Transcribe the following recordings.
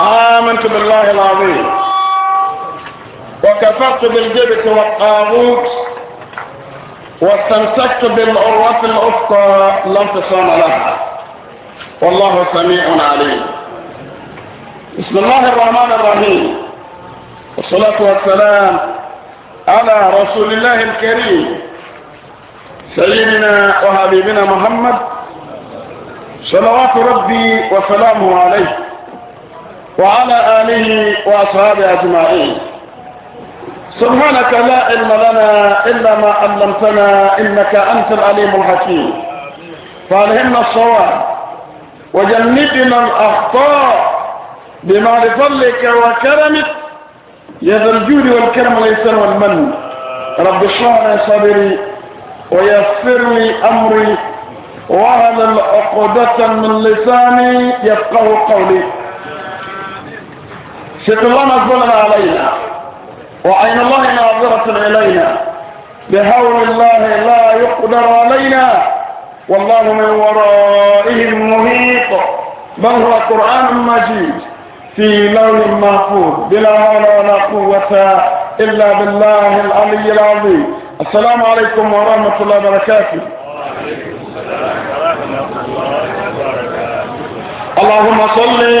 آمنت بالله العظيم وكفرت بالجبت والطاغوت واستمسكت بالعروة الأخرى لا انفصام لها والله سميع عليم بسم الله الرحمن الرحيم والصلاة والسلام على رسول الله الكريم سيدنا وحبيبنا محمد صلوات ربي وسلامه عليه وعلى آله وأصحابه أجمعين سبحانك لا علم لنا إلا ما علمتنا إنك أنت العليم الحكيم فألهمنا الصواب وجنبنا الأخطاء بما لفضلك وكرمك يا ذا الجود والكرم والإحسان والمن رب اشرح لي صدري ويسر لي أمري وهل العقدة من لساني يفقه قولي ست الله نظرنا علينا وعين الله ناظرة إلينا بهول الله لا يقدر علينا والله من ورائهم محيط بل هو قرآن مجيد في لون محفوظ بلا حول ولا قوة إلا بالله العلي العظيم السلام عليكم ورحمة الله وبركاته وعليكم السلام ورحمة الله وبركاته اللهم صل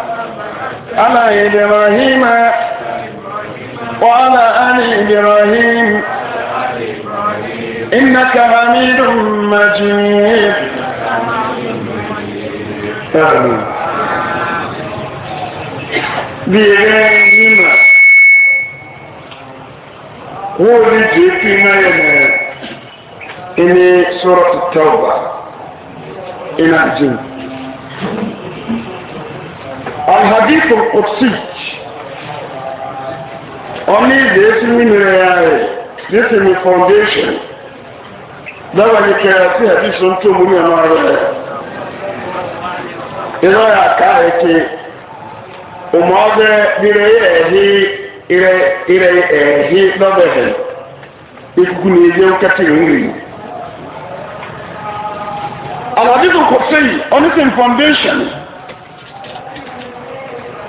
على إبراهيم وعلى آل إبراهيم إنك حميد مجيد آمين بإبراهيم هو بجيبنا ما إني سورة التوبة إلى الجنة alhadith alqudsi ọmọ ìdè sí nínú ẹ̀yà rẹ̀ this is my foundation lọ́wọ́ ní kẹrẹ sí hadith tó ń tó mú ní ọmọ rẹ̀ ìrọ̀ yà ká ètè ọmọ ọbẹ̀ ìrẹ̀ ẹ̀hí ìrẹ̀ ẹ̀hí lọ́bẹ̀ hẹ̀ ikuku ní ilé ń kẹ́tì ń rìn alhadith alqudsi ọmọ ìdè foundation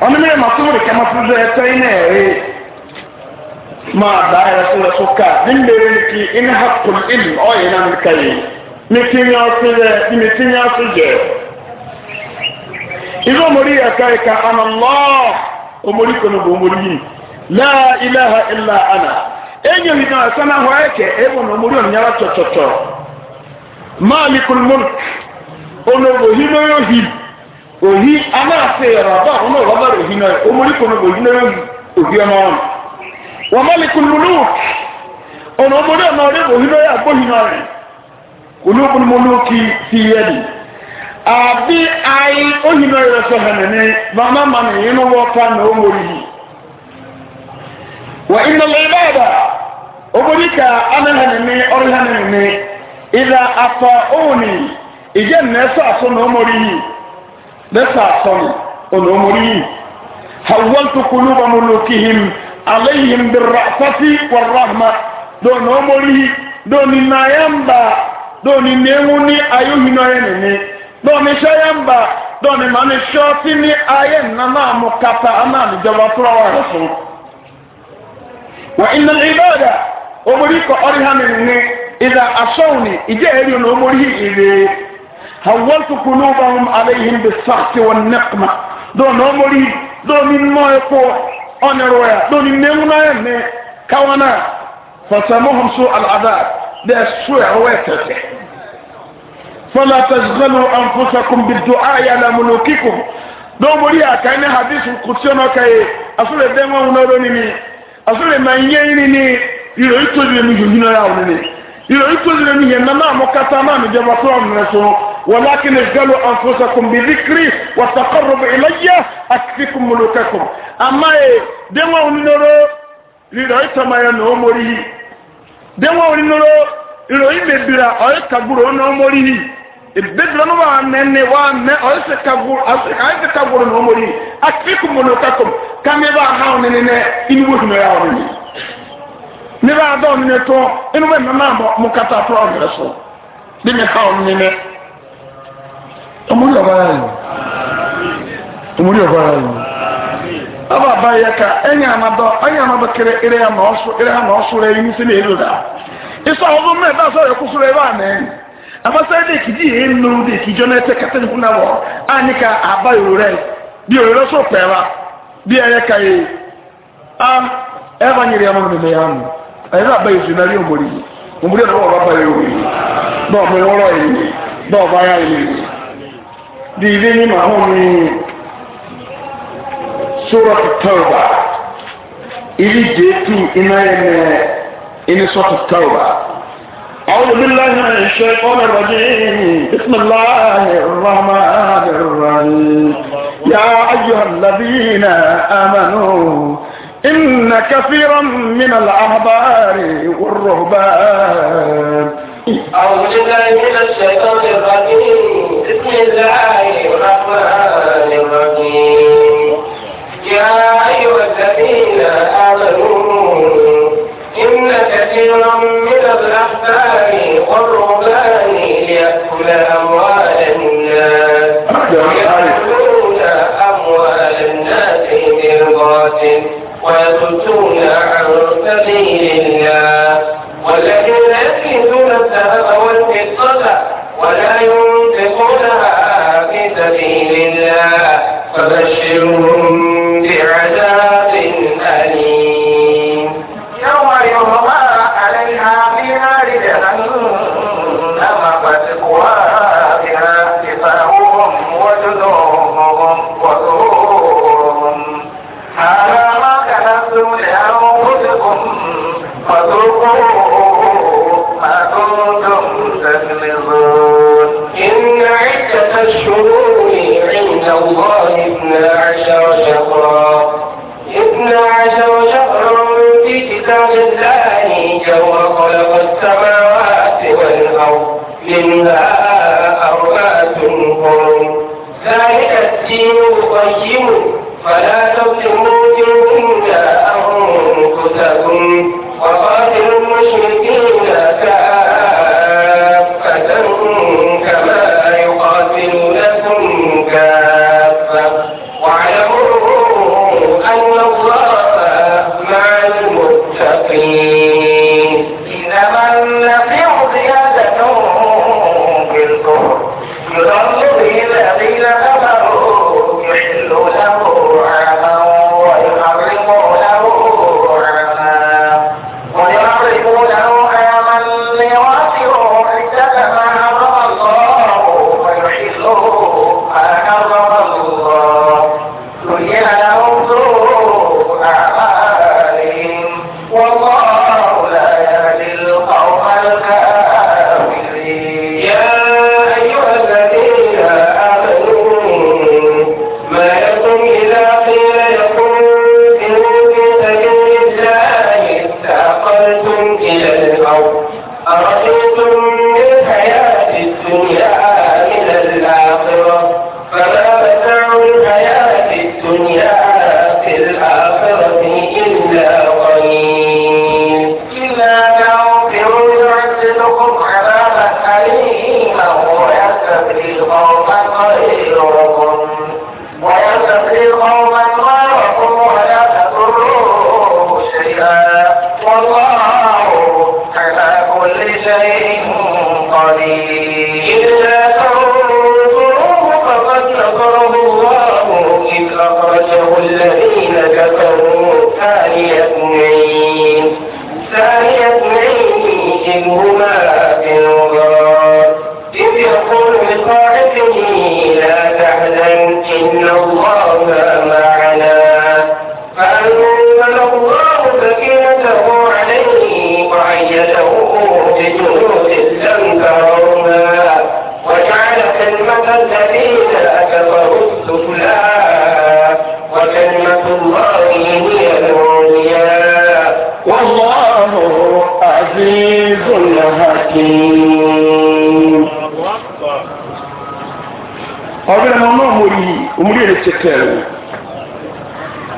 ọmọ náà ma tó nìkan ma tó dọ ẹtọ yìí náà rè máa bá ẹ lọsọ lọsọ ká ní mbẹrẹ nìkí iná ha kùn ìlú ọyẹ náà nìka yìí mi ti ní ọsẹ rẹ bí mi ti ní ọsẹ jẹ ìlú ọmọdé yà ká ẹka àná lọ ọmọdé kọ níbo ọmọdé yìí láà ilé ha ilá àná ẹnyẹ mi náà náà hó ẹkẹ ẹbọ ọmọdé ọmọdé òhì anáàfẹ́ ìrọ̀dọ̀ ọ̀hún náà lọ́bẹ̀rẹ̀ òhì náà omori kò ní òhì náà òhì ọmọ ọ̀nà wọ́n mọ́lẹ̀ kò lùlù ọ̀nà omori ọ̀nà ọ̀rẹ́ òhì náà yà gbóhì náà rẹ̀ olóògùn mọ́lú kì í ti yẹ ni. àbí bẹ́sà sọ́nù olómùrí hawantu kuluba mulukihim alayhim birrasati warahma doni omori doni nayamba doni newuni ayohinoyenene doni sayamba doni mani sọ́ọ́tì ní ayé nana mukata anáàlú jọba fúláwà rẹ̀ fún. wà iná ìbáàdà omori kọ ọrí hàmì nìyẹn ìdá asọ́wùnì ìjẹ́ ẹ̀rí ọ̀nà omori ìrèé. هولت قلوبهم عليهم بالسخط والنقمة دون أمري دون ما يقول أنا رويا دون نمنا يمي كوانا فسموهم سوء العذاب ده سوء رويته فلا تشغلوا أنفسكم بالدعاء على ملوككم دون أمري أكاين حديث القدسيون كي أصول الدماء ونروني أصول ما ينيني يريد تجري من جنة يريد تجري ما مكتا ما مجبطوا من رسول ولكن اشغلوا انفسكم بذكري والتقرب الي اكفكم ملوككم اما دمو نورو ليرو تما يا دمو نورو ليرو يبدرا اي نوموري no o se se no ba ya omuli ọbara yi omuli ọbara yi ọba aba ya ka enyi amadọ enyi amadọ kere ere ya na ọsụ ere ha na ọsụ rẹ yi n'isi n'elu da ịsa ọzọ mmiri ebe asọ ya kwụsịrị ebe a na-enyi abasa ebe ekiji ya enu n'ụdị ekijọ na-ete kata nkwu na wọ anyị ka aba ya ore bi ore so kpere bi ya ka ya a ebe nyere ya mmadụ ya nụ anyị aba ya esi narị omori omori ya na ọba aba ya ore na ọba ya ọrọ ya na ọba ya ya ديني ما هو من سورة التوبة إلي جيتي إنا إنا سورة التوبة أعوذ بالله من الشيطان الرجيم بسم الله الرحمن الرحيم يا أيها الذين آمنوا إن كثيرا من الأحبار والرهبان أعوذ بالله من الشيطان الرجيم بسم الله الرحمن الرحيم يا أيها الذين آمنوا إن كثيرا من الأحبار والرهبان ليأكل أموال الناس ويأكلون أموال الناس بالباطل ويصدون عن سبيل الله فبشرهم بعذاب ne kyekyere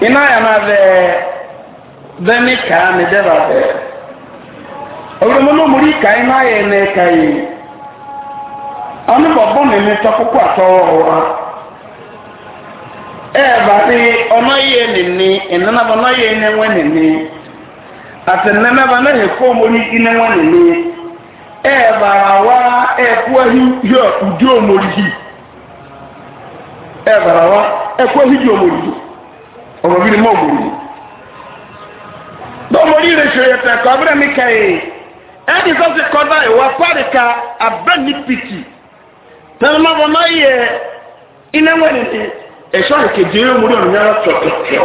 e na bɛɛ bɛ ne kaa ne dɛ ba bɛɛ na ɔmo rika na ɛka yi ɔno bɔ bɔ ebe a tɔkoko atɔwɔwa ɛɛ baade ɔno yɛ ne ne ɛnana ati na yɛ kɔn mo ẹ̀bàrà wa ẹ̀kọ́ ẹ̀hídìí ọmọdé ọmọ bíi mọ́ ọmọdé. dọ́mọdé rẹ̀ ṣe mi kẹ́ ẹ̀ ẹ̀dí sọ́sì ìwà pàríkà abẹ́ni pìtì tẹ́lẹ̀mọ́ bọ́ yẹ iná wẹ̀lẹ̀ ní àkejì ọmọdé ọ̀nà yàrá tọ̀tọ̀tọ̀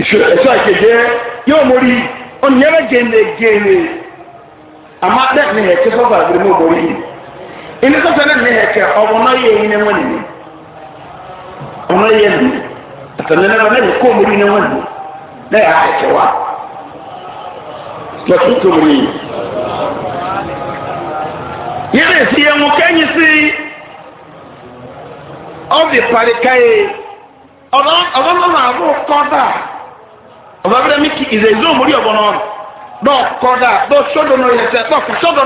ẹ̀ṣọ́ àkejì yóò ini sọ sẹ́ni ní ẹ̀kẹ́ ọmọ náà yẹ ẹyin ẹ̀wọ̀n nìyẹn ọmọ yẹ ẹ̀mí àtẹnudẹ náà náà yẹ kó ọmọ yẹ ẹ̀wọ̀n nìyẹn náà yẹ ẹ̀kẹ́ wa lọ́sùn tó wọlé yìí. yẹ́rẹ́ èsì yẹn mo kẹ́yìn sí ọ̀bì pàríkàyè ọ̀dọ́ náà àbúrò kọ́dà ọ̀bà bẹ́ẹ̀ mi kì ìzẹ̀ ìzó òmùrí ọ̀bọ̀n náà kọ́dà dọ́ọ̀ sọ́dọ̀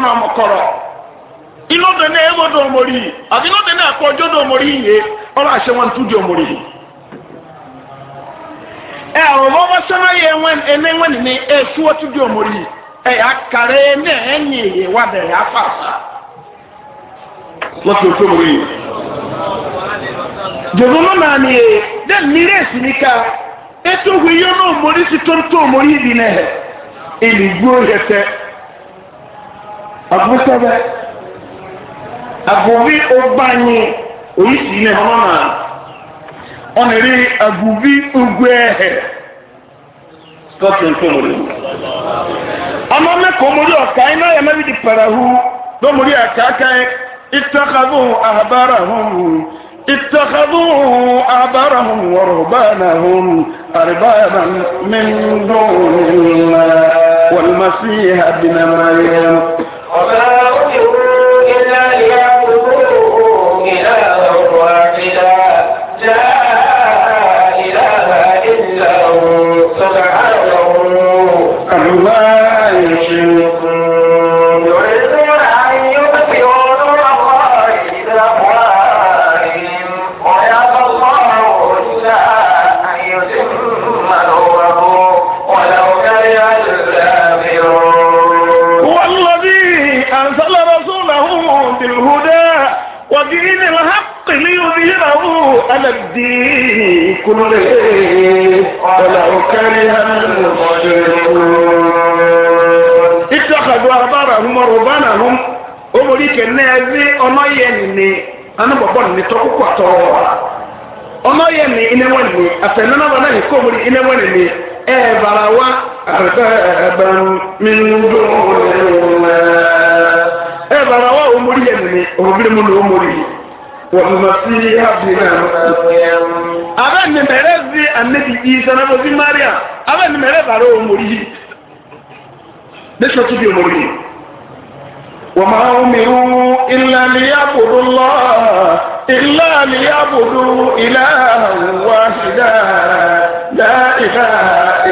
náà yẹ inode na do mori na ko jo do mori ye ola se wan tu do mori e o mo se na ye wen ene wen ni e su o tu do mori e na enye ye wa de ya pa tu mori no na ni de mire e hu yo no mori si mori bi ne hete e agobi ogbanye oyisi ne ho na ɔne ri agobi ogwe ɛhɛ scotland tó mo ri ɔmo ne kò mo ri ɔkae na yɛ mɛbi di parahu do mo ri akaakae itakabu ahabarahum اتخذوا أعبارهم ورهبانهم أربابا من دون الله والمسيح ابن مريم وما أمروا الله bɔ ne tɔ koko atɔ ɔmɔ yɛ ne ina wɔ ne afɛ nana wɔ na ne kɔn mu ne ina ne ne ɛɛ bara wa arbɛɛbɛn min do ne ɛɛ bara wa o mori yɛ ne ne o bi mu na o mori wɔn ma fi ha bi na a bɛ nimɛrɛ zi anabi isa na bɔ fi mariam a bɛ nimɛrɛ bara o mori yi ne sɔ tu bi o mori yi. وما أمروا إلا ليعبدوا الله إلا ليعبدوا إلها واحدا لا إله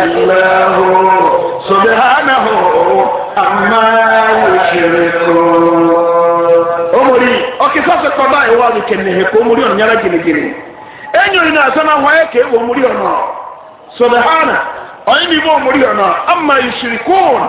إلا هو سبحانه عما يشركون أمري أوكي ساسا قضاء وادي كنه أمري أن يرى جني جني أنيو إنا سنا وعيك أمري أنا سبحانه أيني أمري أنا أما يشركون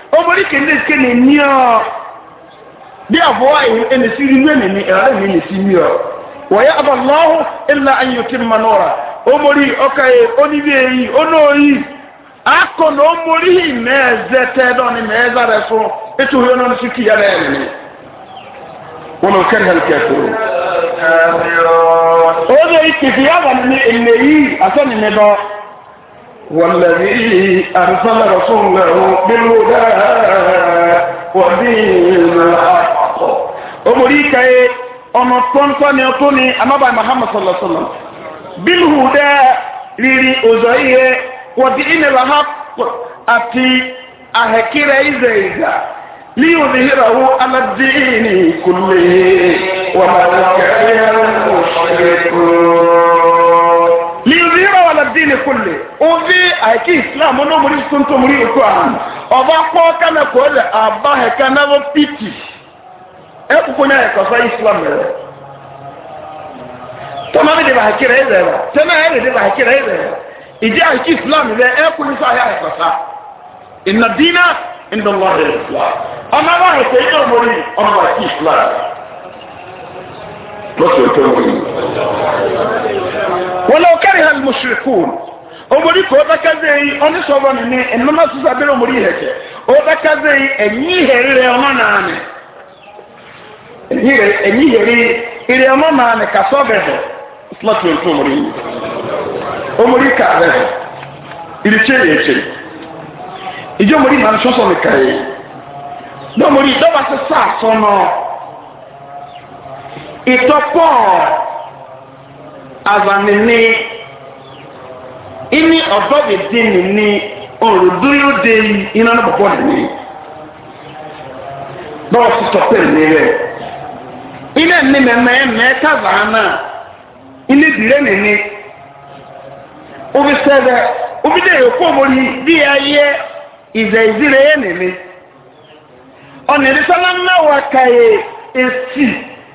omori kende ke ne ni ọ bí àbúrò yìí ẹni sí rí lónìí ní ìrọ̀lẹ́ mi ní sí mi ọ wọ̀nyẹ abàláhù ilà ayọ̀kí manọ́ra omori ọkà yìí oníbi èyí onóyì akọ̀nà omori yìí mẹ́ẹ̀ẹ́zẹ́ tẹ́ẹ̀dọ́ ni mẹ́ẹ̀ẹ́zá rẹ̀ fún ètò ìwé náà sí kìyà rẹ̀ nìyí wọn ò kẹ́rì hàlùkẹ́ kúrò. ó lè kìkì yàrá ni èlé yìí àtẹ́nìmẹ́dọ́. والذي أرسل رسوله بالهدى ودين الحق أمريكا ọmọ tọ́ntọ́ ni ọtún ni amábà muhammad sallallahu alaihi wa sallam bílù dẹ́ rírì òzò iye wọ́dí ìnira ha àti àhẹ́kírẹ́ ìzẹ̀ ìzà ní òdìhìràwó aládìní kùlé wàmàlùkẹ́ ẹ̀rọ òṣèlú dini kulle ovi aiki islam ono muri sunto muri eko a ọba kpọ kana ko le aba he kana bo piti e kuko nya ko sa islam le to ma de ba hakira e le to ma e de ba hakira e le ije aiki islam le e ku ni sa ya ko sa inna dina inda allah al islam ama ba he ko muri ono ba islam lọ́sọ̀rọ̀ tó wọ́n yìí. wọ́n lọ kẹ́rì hàn mùsùlùkùn omori kò ọ̀dàkàzé yìí ọ̀ní sọ̀rọ̀ nìní ẹ̀nàmà sísá abẹ́rẹ́ omori ìhẹ̀kẹ́ ọ̀dàkàzé yìí ẹ̀yìn ìhẹ̀rẹ̀ ọ̀nà nàánì ẹ̀yìn ìhẹ̀rẹ̀ ìrẹ̀ ọ̀nà nàánì kàsọ́ bẹ̀rẹ̀ lọ́sọ̀rọ̀ tó omori yìí omori kà bẹ̀rẹ̀ ìrìkyẹ́ yẹ̀ kyẹ́ ìjọ́ omori màá nsọ́sọ́ nìkà yìí dọ́mori dọ́bà sísá àsọ náà. ìtọ́pọ̀ àbàmìní ìní ọ̀dọ́bìdìní ní òrùdúlódé dị náà bọ̀bọ̀ nìyí bọ́ọ̀sì sọ̀pẹ̀ nílẹ̀ iná ní mẹ́mẹ́ mẹ́ta vàánà iná ìdílé nìyí obi sẹ́dẹ̀ obi dẹ̀ yòókù omori bí ayé ìzẹ̀ ìdílé yẹn nìyí ọ̀nà ìdísọ́lá náà wà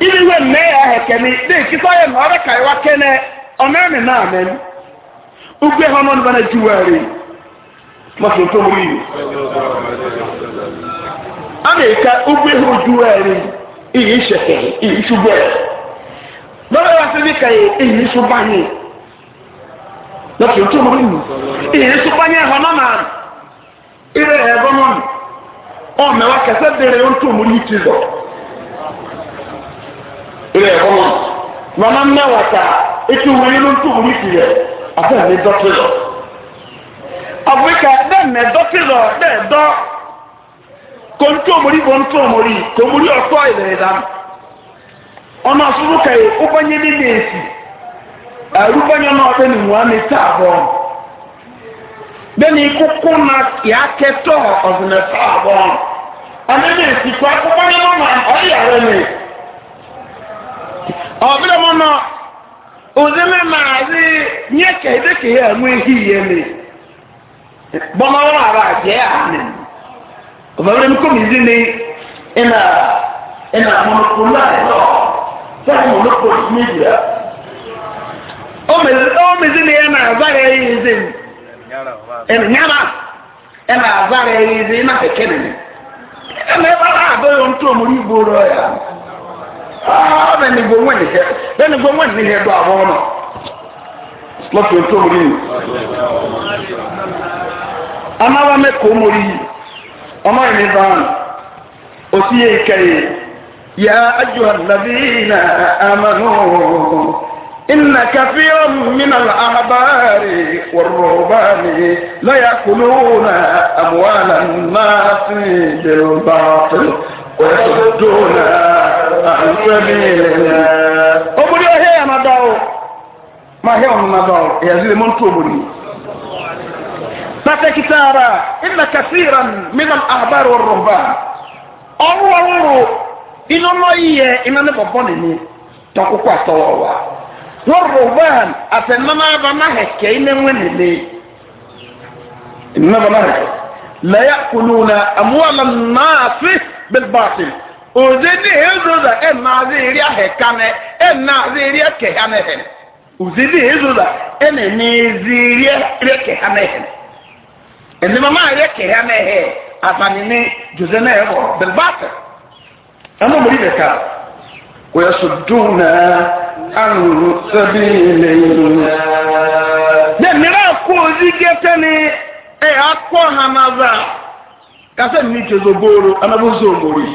ili we mee ya hekeni de kisa ye na ɔreka ka wa kene ɔmɛ na amɛn ugbe hɔ maso to yi ugbe hɔ ju wari iyi hyɛkɛ iyi sugbɛ lɔri wa sebi ka to yi na ire wa dere yi ti ilẹ̀ ẹ̀kọ́ mọ́ mama mẹ́wàá ta etí wọ́n yín ló ń tó wọ́n ti yẹ àbẹ́rẹ́ mi dọ́tí lọ. àfíríkà bẹ́ẹ̀ mẹ́ dọ́tí lọ bẹ́ẹ̀ dọ́ kò ń tó mọ́rí bọ́ ń tó kò ọ̀tọ́ ọ̀nà náà na yà kẹtọ́ ọ̀sìn ẹ̀fọ́ àbọ̀ ọ̀nà ọbịa mụ nọ ụzịme maazị nye ka ya enwe ihe ihe ne bọmọwọ ara jẹ àná ọbẹwẹrẹ mi kọ mi zi ni ẹna ẹna mọnokulu ayé lọ sẹni mọnokulu mi jẹ ọ mi zi ni ẹna azara ẹyẹ nyara aa bẹ́ẹ̀ ni gbogbo ẹni hẹ bẹ́ẹ̀ ni gbogbo ẹni hẹ do àbọ̀ ọ̀nà lọ́tò tó mu yìí anáwó mẹ́kọ̀ọ́ mu yìí ọmọ yìí ní báwọn òsì yẹ ìkẹyẹ yà ájú àdàbí nà àmàlù. إن كثيرا من الأحبار والرهبان لا يأكلون أموال الناس بالباطل ويصدون عن سبيل الله أمري أهي أنا داو ما هي أنا داو يزيد من توبني فاتك تارا إن كثيرا من الأحبار والرهبان أروا أروا إن الله إيه إن أنا ببني تقوى تواوا والرهبان أفنما بنا هكي من وين إنما لا يأكلون أموال الناس بالباطل ozidi ezoza enazi eri ahekane enazi eri ekehanehen ozidi ezoza na eri ekehanehen ẹnìmọ máa rí ekehanehen asani ní jose na ẹwọ bilbata ẹnu mọ ibẹ ká wọ́n yẹ sọdún na àrùn sẹ́bí n'elu yìí. bẹ́ẹ̀ mìíràn ozi gẹ́tẹ́ ni yi.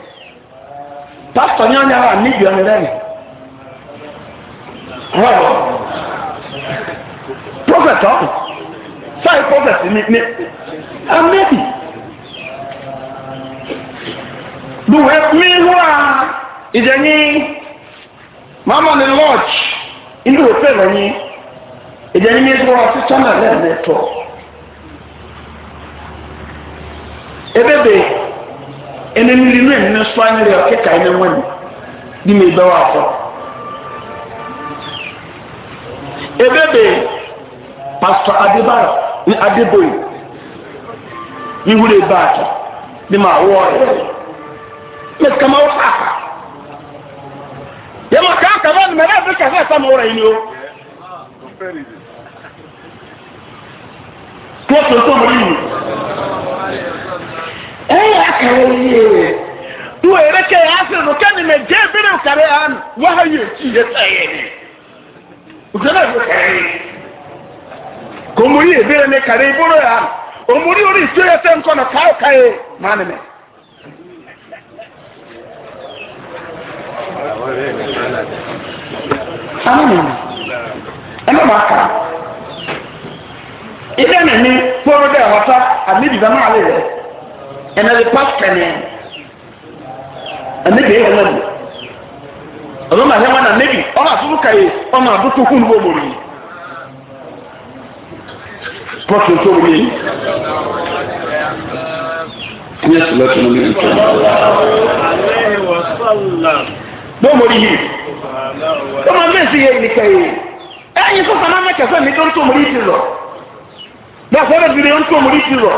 pásítọ̀ ní ọ̀nyára níbi ọ̀nà lẹ́nu rọ̀rọ̀ prophet ọ̀hún sáì prophet ní ní amẹ́bí duwe mi wúra ìjẹ̀yìn mama ni lodge inú òfin lẹ́yìn ìjẹ̀yìn mi wúra sí channel lẹ́ẹ̀mẹ́tọ̀ ebebe ɛnɛ nili no ɛnɛ so anyere ɔkeka ɛnɛ wani di mi bɛ wafɔ ebebe pastor adebara ni adeboyi ihuri ebaata ni ma wɔɔre mɛ kama wɔ aka yɛmɔ kaa kama ni mɛ n'a bɛ kasa sama wɔrɔ yi ni o kí wọ́n tó tó mọ̀ nínú. ɛyɛ akara yie wo ereke yɛ ase no kɛne mɛ gye bi ne nkare ano waha yɛ ekyi yɛ sɛ yɛ ne nkare yɛ kare yɛ kòmori yɛ bi ne kare yɛ bolo yɛ na kaa ɔka yɛ ɛna de pa fɛnɛ ɛne bɛyɛ hɛn mu ɔno ma hɛn mu na nebi ɔno asosɔ ka yi ɔno adoto hu nuwo mori pɔtɔ tó mi nyɛ sɔlɔ tó mi nkyɛn bó mori yi ó ma mẹ́sì yẹ nìkẹ́ yìí ẹ̀yin sọ́sọ́ náà mẹ́kẹ́sẹ́ mi tó ń tó mori ti rọ̀ bẹ́ẹ̀ sọ́dọ̀ ti rẹ̀ ń tó mori ti rọ̀.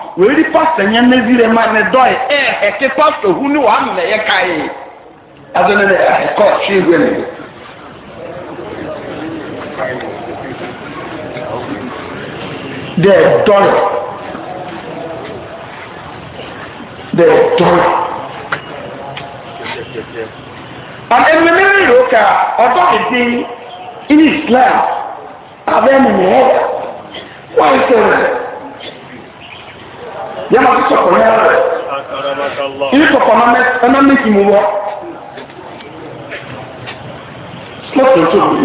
wèérí pásítọ̀ yẹn méjì rẹ̀ máa ní dọ́ọ̀ ẹ̀ ẹ̀kẹ́ pásítọ̀ hu ni wàá nà ẹ̀yẹ ká yìí ní ẹ̀kọ́ ṣé ìwé mi. dẹ̀ dọ́rọ̀ dẹ̀ dọ́rọ̀ and ẹ̀mí mẹ́rin rò kà ọ̀dọ́ ìdí in islam abẹ́ mi nìyẹn wọ́n ń sọ̀rọ̀ yẹn máa tó sọ̀kọ̀ yẹn rẹ̀ ilé sọ̀kọ̀ ẹ̀ná méjì mú wọ́ lọ́sọ̀ tó kù.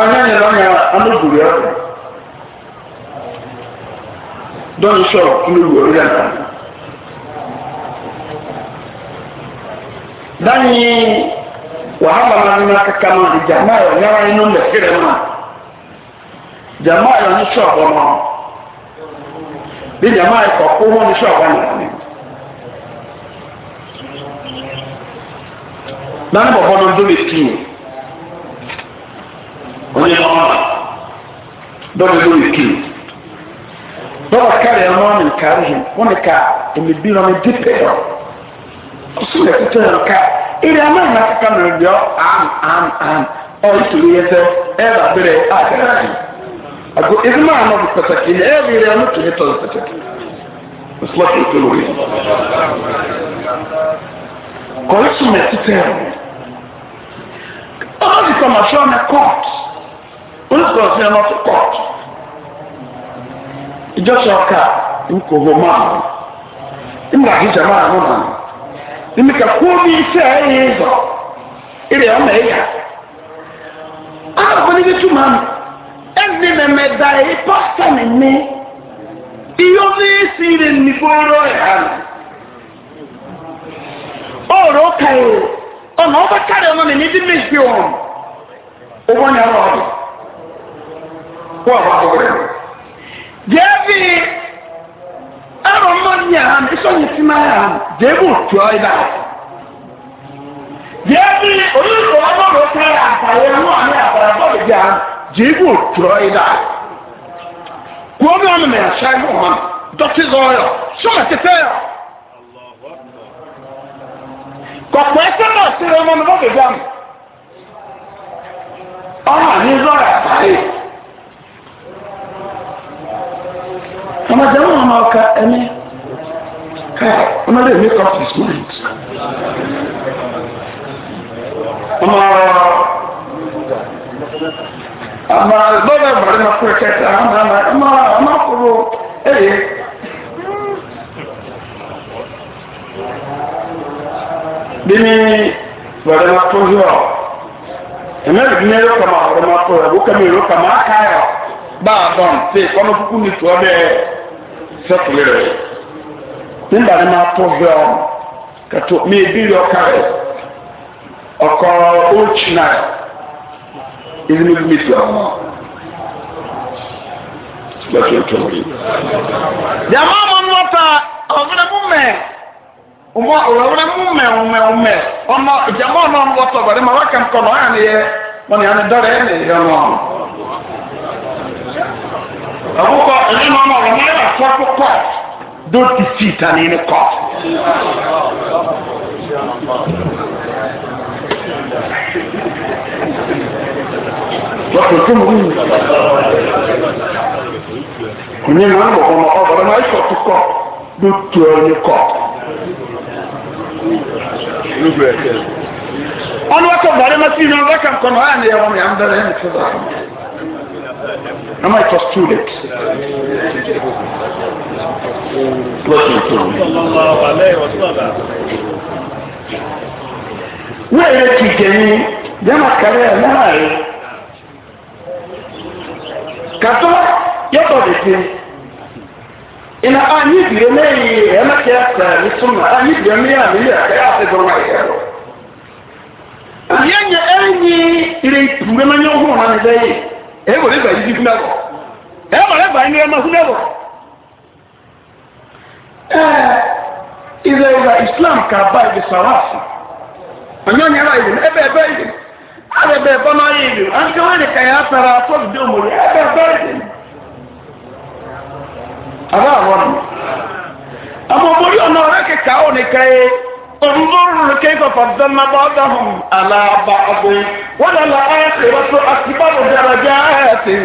Anya ni lọ́nà amébùrú ẹ̀kọ́ dọ́nù sọ̀ kúlù wò orí ẹ̀ka. Dánì wàhálà máa ń ná kankan náà ìjà náà ẹ̀ nyára inú lẹ̀ fẹ́rẹ̀ náà jamaa yɛ ne shop no bi jamaa yɛ kɔkɔ ho ne shop no ne na ne bɔbɔ no dɔm etiu onye ma ɔma dɔm dɔm etiu dɔm kari ɛno ɔne nkari hɛn wɔne ka ɛmɛ bi na ɔne di pɛyɔ ɔso na ɛkutɛ yɛn ka ɛdi ama yɛn akeka na ɛdi ɔ an an an ɔyɛ sori yɛ sɛ ɛyɛ ba bere a kɛra yɛn ako izma ama bu pataki na ya bire amu tu hito pataki maslaki tuluri ko yesu metite ona di kama sho na court ona ko se na to court ijo shoka nko ho ma imra hi jamaa no ma nimika ko bi se ayi zo ire ama ya ana ko ni bitu mama ɛnni mɛmɛ da yi pɔsɛ mi mi iyo fi si le niforo yɛ hàn ɔrɔ ka yi ɔnà ɔbɛ kari ɔnà nìyí di méjì wọn ɔbɔ ní ɔrɔ ɔbɛ kó ɔbɛ àbúrò jẹbi ɛrɔ mɔ ní yà hàn isɔnyi ti má yà hàn jẹbi òtù ɔyì dà jẹbi olùkọ́ ɔbɛ rò kára àtàyè wọn àmì àtàyè bọ́ọ̀lù jẹ hàn jeebu oturɔ yi da kuo bi wɔn mɛ ɛhyɛn ho ma dɔte zɔɔyɔ soma tete yɔ kɔkɔ ɛsɛ naa sere ɔmo no bɔ bebe amu ɔmo ani zɔɔyɔ atare ɔmo dɛm wɔn ma ɔka ɛmɛ kaa ɔmo de make up his mind ɔmo ama lọ́dọ̀ ìbàdí ma kúrò kẹta ama ama ama kúrò ẹ̀yẹ. Bini ìbàdí ma tó yọ ẹ̀mẹ́ ìdílé yóò kama ìbàdí ma tó yọ ẹ̀bùkẹ́ mi yóò kama aka yọ báa dọ̀n ṣe kọ́nà kúkú ni tó bẹ́ẹ̀ sẹ́kùlẹ̀ rẹ̀. Ní ìbàdí ma tó yọ kẹtù mi ìbí yọ kárẹ̀ ọkọ̀ ó tsi náà ibi ní mímí ti àwọn lọ́sọ̀ tó wọlé. Jàmá mo ń wọ́ta ọ̀gbìn mú mẹ́ ọmọ ọ̀rọ̀wọ́n mú mẹ́ ọmọ ọmọ ọmọ ìjàmá ọ̀nà ń wọ́ta ọ̀gbìn mọ̀ wákà ń kọ̀ nọ̀ ọ̀hán yẹ wọn ni a ní dọ́rẹ̀ ẹ̀ nìyẹn ọmọ. Àkókò ẹ̀yìn mọ́ ọmọ ọ̀rọ̀ yẹn àti àkókò dó ti fi ìta ní ní kọ́. Thank you lọ́kùn tó mú mi. Kùnú máa ń bọ̀ ọmọ ọ̀bọ̀n máa ń sọ tó kọ̀ ló tu ẹ ní kọ̀. Ọ̀nà wọ́n tó bàrẹ́ máa ti yàn wọ́n kà kọ̀ náà ni ẹ̀wọ̀n mi à ń bẹ̀rẹ̀ ẹ̀ ti bá. Am I just too late? wọ́n yẹ kìkẹ́ yín yẹ́n máa kàrí ẹ̀ náà rẹ̀ kàtó yọtọ̀ dèké ìnà anyi bìrẹ mẹ́yì ẹ̀mẹ́kẹ́ ẹ̀sẹ̀ ní súnmọ́ anyi bìrẹ mẹ́yà mẹ́yà ẹ̀kẹ́ àti gbọ́nmọ́ ẹ̀kẹ́ lọ. àyẹ̀yẹ ẹ̀yìn ìrẹ̀ ìtùwé náà yẹ ọ̀hún ọ̀nà níbẹ̀ yìí ẹ̀ wọlé bàyí di fún ẹ̀bọ̀ ẹ̀ wọlé bàyí ní ẹ̀ma fún ẹ̀bọ̀. ẹ̀ ìrẹ̀ ìrẹ̀ islam kà bá ìdí sàwáàsì ọ̀nyọ́nyẹ́rà ìdí ẹ̀bẹ̀ ẹ̀bẹ̀ abẹ̀bẹ̀ bọ́mọ ìlú àti wọ́n lè kàyà tara fọ́ọ̀dù òmùrù ẹ̀bẹ̀ bẹ́ẹ̀dì àbá àwọn ọmọ mórí ọ̀nà ọ̀rẹ́ kẹkà ó ní kẹyẹ òǹdóró kẹkọ̀ọ́ fàdánná bá dáhùn aláàbà ọ̀gbìn wọ́n lọ́la ẹ̀ẹ́sì wọ́tò àtibárò dàrájà ẹ̀ẹ́sì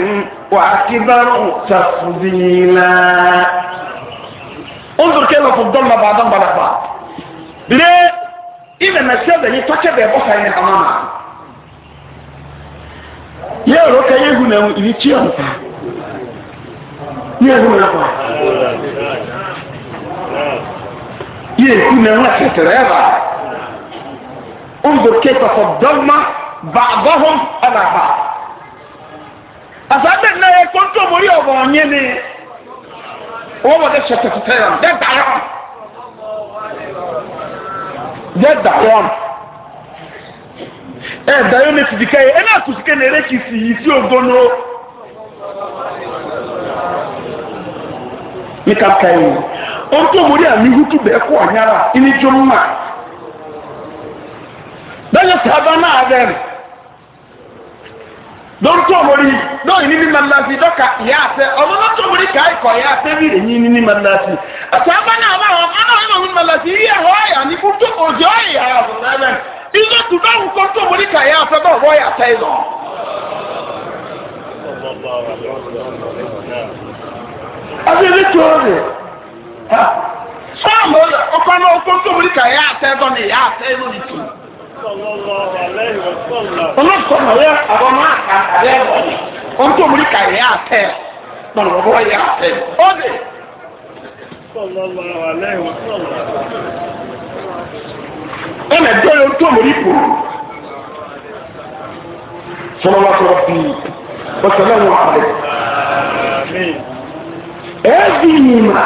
wà àtibárò tàfùdìlà òǹdóró kẹkọ̀ọ́ fàdánná bá dáhùn aláàbà ilé ilẹ̀ mẹ́sẹ̀ bẹ̀yìn tọ́kẹ́ bẹ̀ bọ́sà yẹn àmàmà yẹ́rọ ka yẹ́hu na ìdí tí ọ̀nà yẹ́hu na kwa yẹ́hu na ẹ̀hún àtẹ̀tẹ̀rẹ̀ ẹ̀rọ ọ̀dọ̀ kẹtọ̀fọ̀ dọ́gba bàbọ́hún ọ̀làbà àfẹ́bẹ̀ náà yẹ kóńtò mórí ọ̀bọ̀ ọ̀nyẹ́ ni wọ́n wọ́n dẹ̀ ṣẹ̀tẹ̀tẹ̀rẹ̀ ọ̀n dẹ̀ dàrọ̀ dẹ̀ dàrọ̀ ọ̀n. ẹ̀dáyọ́ ní tìdíkà yẹ ẹ̀nà àtúnṣíkẹ́ ní erékì sí yìí tí ògbónú ní kàkà yìí ohun tó mórí àmì hútù bẹ́ẹ̀ kọ́ ọ̀nyára ìní jọ mma lẹ́yìn sábà náà bẹ́ẹ̀ lọ́run tó mórí lọ́yìn ní mímọ́ lọ́ka ìyá àfẹ́ ọmọ náà tó mórí ká ikọ̀ ìyá àfẹ́ bí ní náà bá wọn ọmọ náà ilé tùdá nǹkan tó mo ní kàyà afẹ́ bá rọ́ọ̀yà tẹ́ lọ. Adéle tó rè sáàmù ọkọ náà ọkọ tó mo ní kàyà afẹ́ bá ní ìyá afẹ́ ló ní tù. Olóòtú ọ̀nà rẹ̀ àwọn máa kà rẹ̀ lọ. Ohun tó mo ní kàyà afẹ́ bá rọ́ọ̀yà afẹ́. Ó dè ọ̀nà ẹ̀dọ́ yóò tó mọ̀ nípò. sọlá wa sọ̀rọ̀ bí ọ̀sẹ̀lẹ̀ wọn àlẹ́. ẹ̀ẹ́dì yìnyínmá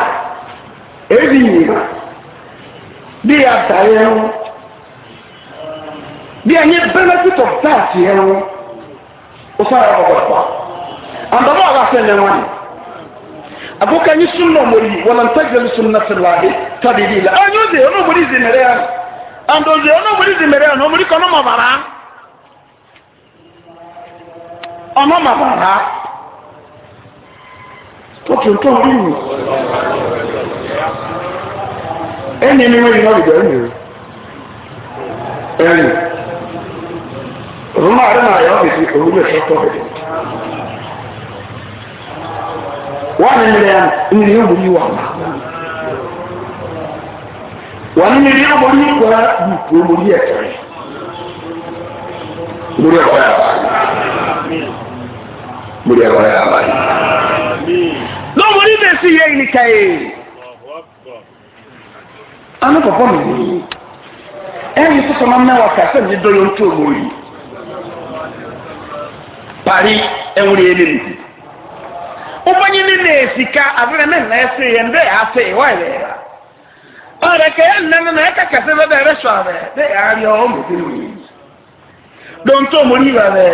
ẹ̀ẹ́dì yìnyínmá bí àtàyẹ̀ wọn bí ẹ̀yẹ benefit of that yẹn wọn ó sára ọ̀gbọ̀gbọ̀ pa àǹdàbọ̀ àwọn afẹ́lẹ̀ wọn ni àbúkẹ́ yín súnmọ́ mọ́rí wọn náà tẹ́jọ́ ní súnmọ́ sílá tàbí ìlà ẹ̀yọ́ dè ọ́nà mọ́rí ìzìnnà rẹ̀ yára. and ozi ọnụ zi mere ono mabara ono mabara tọtụ ntọ ndị nyi enyi n'iwe yi n'ọbịbịa enyi enyi ọmụma arị ya ọbịbị owuwe tọtọ ọbịbị nwaanyị mere ya nri egwuri iwe ọma wọ́n ní ní ọmọ ní ìgbà yìí kó mo ní ẹ̀kẹ́ rẹ̀ mo ní ẹ̀kọ́ yàrá báyìí mo ní ẹ̀kọ́ yàrá báyìí. lọ́wọ́ ní bẹ́ẹ̀ sí yẹ ìníkà yìí. àwọn bàbá mi ní ẹ̀yìn sọ́sọ́ máa ń náwó àkàtà ní dọ́yọ̀ ń tó mo yìí. parí ẹ̀wọ̀n yẹn lè nìyí. ó bá yín ní ní èsìká àbẹ̀rẹ̀ mẹ́rin náà ẹ̀ sè é ẹ̀ ń bẹ́ẹ̀ á sè é wáyé rẹ̀ rà ọ̀rẹ́ kẹ́yẹ́ nínú náà ẹ̀ka kẹsẹ̀ bẹ́ẹ̀ bẹ́ẹ̀ sọ abẹ́ bẹ́ẹ̀ àárí ọ̀hún mi sí mi. dọ́ńtò mo ní ìwà rẹ̀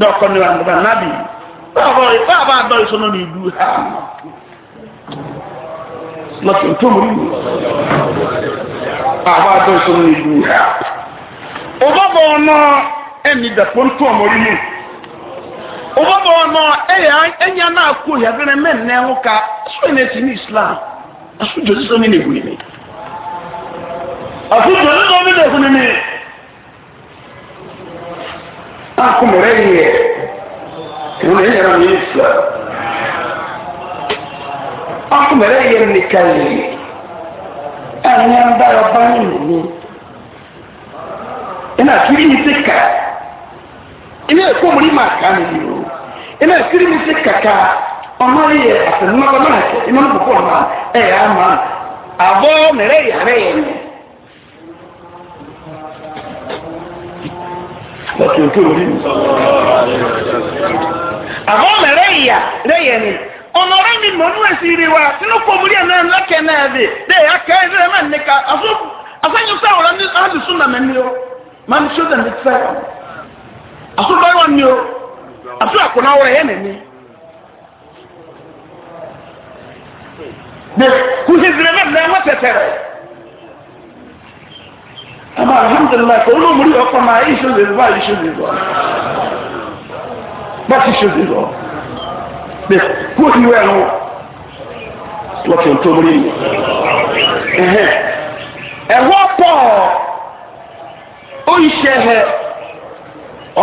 dọ́kọ̀ ní wà nígbà nábì báwa bá dọ́ ìsọ́nà ní ìlú ha lọ́sọ̀ tó mo ní ìlú báwa dọ́ ìsọ́nà ní ìlú ha. ọba bọ̀ ọ̀nà ẹ̀mí dàpọ̀ ntọ́ ọmọ rí mi ọba bọ̀ ọ̀nà ẹ̀yà náà kú ìyàgbẹ́rẹ́ mẹ́rin náà ń ka sọ́yìn ẹ̀sìn ní islam asúnjọ́sí sọ́mi ní ìwé mi àtúntò nínú omi dẹ̀kun ni akọmọrẹ yìí yẹ wọn yẹn yàrá mi yìí fila akọmọrẹ yìí yẹ nìkan yìí ẹnyẹ ń bára bá yìí nìyí ẹnna àkìrí yìí ti kà ẹnna ẹkọmọrẹ máa kà nìyí o ẹnna àkìrí ti kàkà ọmọ yìí yẹ àtẹnumọ́ bá máa kẹ ẹnna ọmọ bọ̀bọ̀ ọmọ ẹ yà á máa àbọ̀ mẹrẹ yàrá yẹn láti òkè òbí. àmọ́ mẹ́rẹ́ ìyà lẹ́yẹ̀ ni ọ̀nọ̀rẹ́ ni mò ń wẹ̀ rí wa sínú kòmùrí ẹ̀ náà lọ́kẹ́ náà dé lẹ́yìn akẹ́ ẹ̀rẹ́ náà nìka afẹ́yẹsẹ́ ọ̀rọ̀ ní alùsùn náà mẹ́ni o máa ní sódà ní fẹ́ àsọ̀bẹ́rọ̀ ni o àti àkùnà ọ̀rọ̀ yẹn nìyí. kùsìsì rẹ̀ náà alhamdulilayi kò ló múlò ọkọ máa yí ṣòzè lọ yí ṣòzè lọ bá ti ṣòzè lọ bẹ kó ìwé ẹnu lọ́kẹ̀ tó múlò yìí ẹ̀wọ́ pọ̀ ó ń ṣe ẹ̀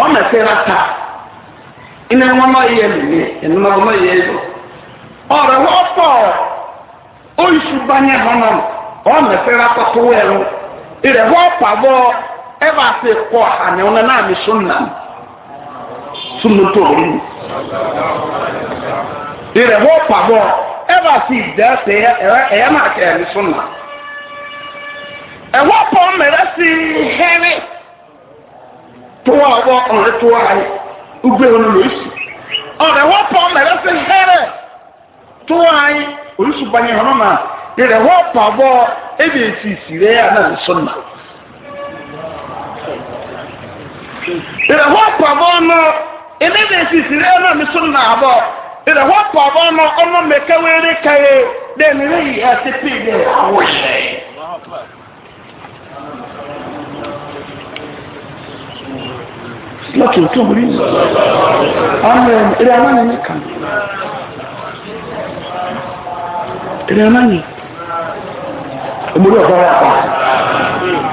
ọ̀nà ẹ̀fẹ́ra ta iná wọn náà yẹ mímí ẹnu náà wọn yẹ ẹ̀dọ̀ ọ̀rọ̀ ẹ̀wọ́ pọ̀ ó ń ṣùgbọ́n yẹn náà ọ̀nà ẹ̀fẹ́ra ta tó wẹ̀ ìrẹ̀ wọ́n pàbọ̀ ẹ bá ti kọ àná ọ̀nà náà mi sún nà sún tó rí mi. ìrẹ̀ wọ́n pàbọ̀ ẹ bá ti dẹ́ ṣe ẹ̀yẹ náà kẹ́ ẹ̀ mi sún nà. ẹ̀wọ́n pọ̀ mẹ́rẹ́ ọrụ yẹrẹ hɔ pabɔ ebi esisi rɛ anan sunna yẹrẹ hɔ pabɔ no ebi esisi rɛ anan sunna abɔ yẹrẹ hɔ pabɔ no ɔno mɛka wɛrɛ kae dɛ nira yi ɛsɛ pii dɛ awɔ yɛ. láti òtún orí àwọn ẹ̀rẹ̀ amáyẹ̀ nìkan ẹ̀rẹ̀ amáyẹ̀ omori ọba wa pa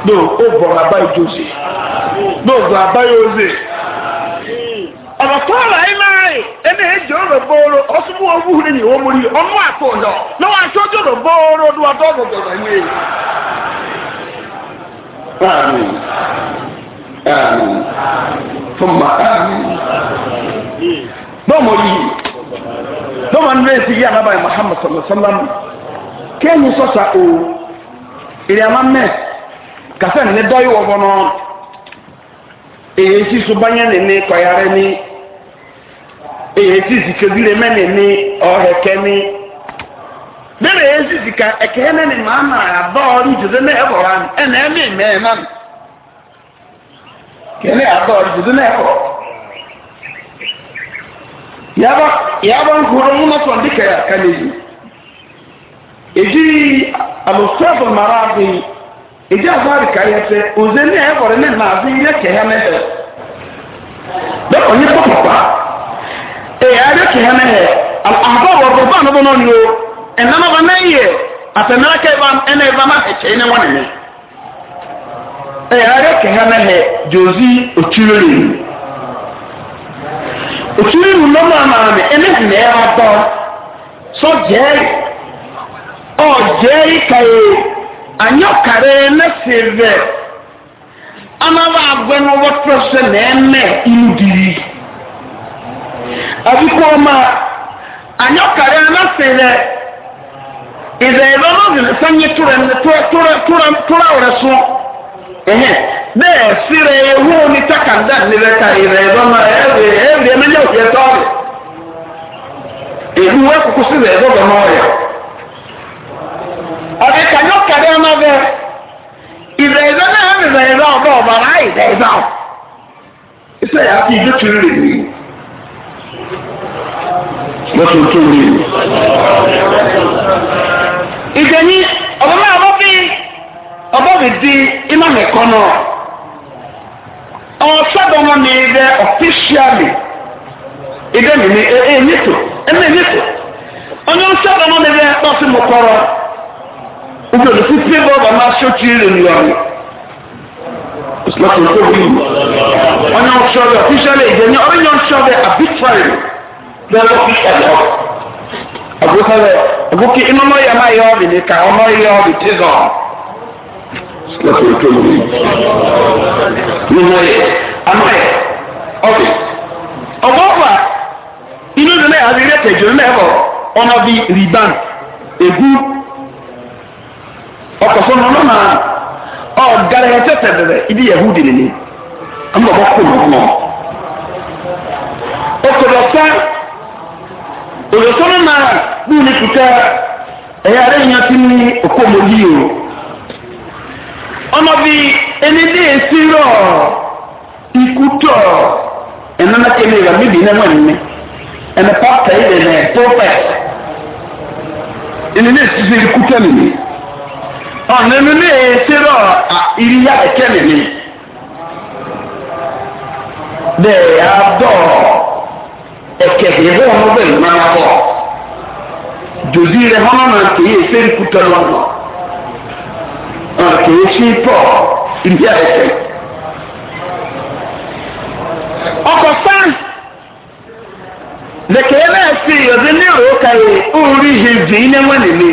do o bọrọ abayi jose do o bọrọ abayi oze ọ̀rọ̀ tọ́ọ̀rọ̀ ayé máa rè ẹni èjì ọ̀rọ̀ bọ́ọ̀rọ̀ ọ̀ṣunmú ọ̀wúhu ni ìwọ́n mórí ọmú àpò ọ̀dọ̀ lọ́wọ́ aṣọ́jú ọ̀rọ̀ bọ́ọ̀rọ̀ ọdún ọdún ọ̀rọ̀ gbọ̀gbọ̀ yé. Amin. Amin. Fọ́nmà amin. Bọ́ọ̀mọ̀ yìí, bọ́ọ̀mọ̀ nínú èsì yìí àlábàáyé Mùhàmmad sọ̀rọ̀ sọ́lá mu, kéèyàn sọ́sà òun. ìrìn àmà mẹ́ kàfẹ́ ní dọ́ ìwọ̀ fọ́nà èyí tí subanyẹ nìní kọ̀yàrẹ́ ní èyí tí zikebire mẹ́ nìní ọ̀hẹ̀kẹ́ ní bẹ́ẹ̀ èyí tí zika ẹ̀kẹ́ ní ní màá nà àbọ̀ ọ̀rí jùdó ní na wa ní ẹ̀ nà ẹ̀ mí mẹ́ ẹ̀ kẹ́lẹ́ àbọ̀ ọ̀rí alustafo marabi eji afaari kari sɛ oze ne ɛfɔri ne naazi ne kɛhɛ ne hɛ bɛ ɔnye kɔ papa ee ɛyɛ kɛhɛ ne hɛ afa wɔ papa anabɔ n'oni o ɛnana ba n'ayi yɛ atɛnɛra kɛ ba ɛna ɛba na ɛkyɛ ne wɔne ne ee ɛyɛ kɛhɛ ne hɛ dzozi okyiriri okyiriri nnɔmɔ anaani ɛne nnɛɛ abɔ so gyɛɛ ọjẹ́ ìkàyè anyọkàrẹ́ lẹ́sẹ̀ rẹ̀ anáwó agbẹnuwọ́ tẹ̀sẹ̀ nẹ́ẹ̀mẹ́ ìdìrí àbíkú ọmọ anyọkàrẹ́ lẹ́sẹ̀ rẹ̀ ìdè ìrọ́lọ́dún sanyẹ tura rẹ̀ sùn bẹ́ẹ̀ sírẹ̀ ewu ní takàndá nílẹ̀ ka ìdè ìrọ́lọ́ ẹ̀rì ẹ̀rì ẹ̀mẹ́lẹ́ òkè tọ́ọ̀rì èyí wọ́n kúkú sílẹ̀ ẹ̀dọ́gbọ̀n náà ya. ọdún kanyọ kàdé ọmọ bẹ ìrẹ̀lẹ̀ náà ń rẹ̀ rẹ̀ ọ̀dọ̀ ọ̀bàrà ìrẹ̀ rẹ̀ ọ̀ iṣẹ́ yà á fi ìjọ tún rè mí lọ́sọ̀ tó rè mí. ịdị ọ̀bọ̀ ọbụla ọbụ bi ọbụ mi di iná mẹ́kọ́ náà ọ̀sọ́dọ̀mọ́ mi rẹ̀ ọ̀fíṣíàlì ìdẹ́mi ni ẹ̀ẹ́ onye nsọ́dọ̀mọ́ ojú ọ̀nà tí tí bọ́ọ̀bù máa ṣó tí ì rìn wà ní. onye ọchọbẹ ọfíṣẹlẹ ìjẹni onye ọchọbẹ àbíkfàrì lẹnu ọfíṣẹlẹ ọ àbúkọlẹ àbúkí inú náà yẹ máa yẹ ọbì ní ká ọmọ yẹ ọbì tí zọ. nínú yẹ àmọ yẹ ọbì ọgbọ ọgbà inú ìdílé àti ilé kẹjọ náà ẹ bọ ọmọ bíi rìbán egú ọkọ̀fọ́ nọ nọ́nà ọ̀gára ẹ̀ tẹ́tẹ̀ bẹ̀rẹ̀ ibi yẹ̀hu dì nìyí ọmọbọ kò mọ̀ mọ́. okòdọ̀sá òdòsó nínà bí ní kùtà ẹ̀yà rẹ̀ yẹn ti ní òkú ọmọ yìí o. ọmọ bíi ẹni dé èsì rọ̀ ikú tọ̀ ẹ̀nana kele rẹ̀ bíbí iná mọ̀ nínú ẹ̀nà pàtẹ́ ìdẹ̀nẹ̀ tó fẹ̀ ẹni dé èsì rẹ̀ ikú tẹ̀ nìyí ọ̀nà mi ní èyí tí rọ̀ ìrìyà ẹ̀kẹ́ mi ni. Bẹ́ẹ̀ á dọ̀ ẹ̀kẹ́ kì í bọ̀ ọmọ bẹ́ẹ̀ máa bọ̀. Jòdì rẹ̀ hánà náà kì í ṣe ìkúta lọ́nà. Ọ̀nà kì í ṣe pọ̀ ìrìyà ẹ̀kẹ́. Ọkọ̀ sáà lèkè náà sì yọ̀dí ní ìrò kàwé orí ìhìnjì ní wọ́n nìyí.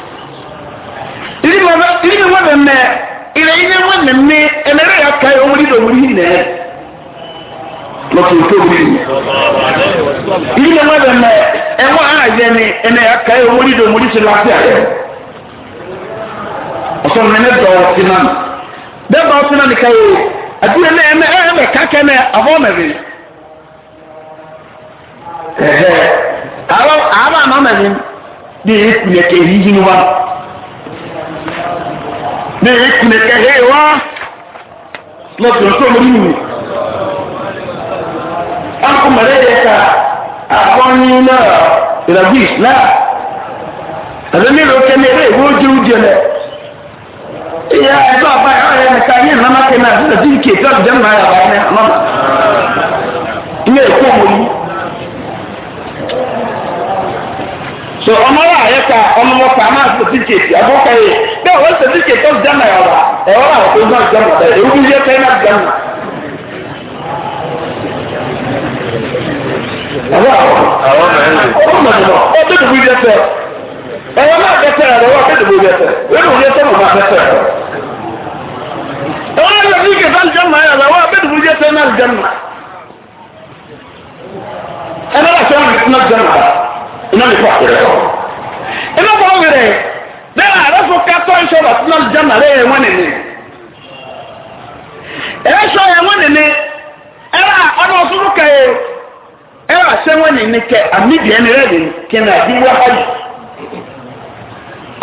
iri mi wọn mẹ ilẹ̀ yìí ni wọn mẹ mi ẹnẹrẹ yà ká yẹ ọmọdé dọ̀ wọlé yìí nẹ lọ́kì tó wuli iri mi wọn mẹ ẹwọn a ni ẹnẹ yà yẹ ọmọdé dọ̀ wọlé yìí láti àyẹ ọsọ mi ní dọ̀ ọtí náà bẹ́ẹ̀ bá ọtí náà nìkan àti ẹnẹ ẹnẹ ẹnẹ kákẹ́ ẹnẹ àwọn mẹbi ẹhẹ àwọn àwọn àmà mẹbi bí èyí kùnyẹ̀kẹ̀ yìí yìí wá ne ye kune kɛ he wa ne tun tɛ mu mu an a fɔ n ye na rabi islam a bɛ ne lɔkɛ ne ye wo jiw jɛnɛ iya ɛ b'a ba yɛrɛ yɛrɛ ka n ye nana kɛ na sisan jigi k'e ta jɛn na yaba ne a ma ne so ọmọ wa ayẹ ka ọmọ mọ pa ama sẹtikẹti abọ ka yẹ bẹẹ wọn sẹtikẹti ọsẹ jama yà wà ẹ wọn àwọn tó ń bá jama ẹ ewu yẹ kẹ náà jama. àwọn àwọn mẹ ẹ ọmọ mẹ nìbọ ọ bẹẹ dùbú yẹ fẹ ẹ wọn náà bẹsẹ ẹ wọn bẹẹ dùbú yẹ fẹ wọn dùbú yẹ fẹ wọn máa bẹsẹ ẹ wọn náà bẹsẹ ẹ wọn jama yà wà wọn bẹẹ dùbú yẹ fẹ náà jama náà bẹsẹ ẹ iná ní fún àpẹẹrẹ ọ. iná fún àpẹẹrẹ bẹ́ẹ̀ náà àrẹ́fọ́ kátó ẹ̀ṣọ́ bàtúnà jẹ́nà rẹ̀ yẹn wọ́n nìní. ẹ̀ṣọ́ yẹn wọ́n nìní ẹ̀rọ ọ̀nà ọ̀ṣunú kẹyẹ ẹ̀rọ àṣẹ wọ́n nìní kẹ àmìbìẹ́ ni rẹ̀ nìní kí ni àbí wá ayé.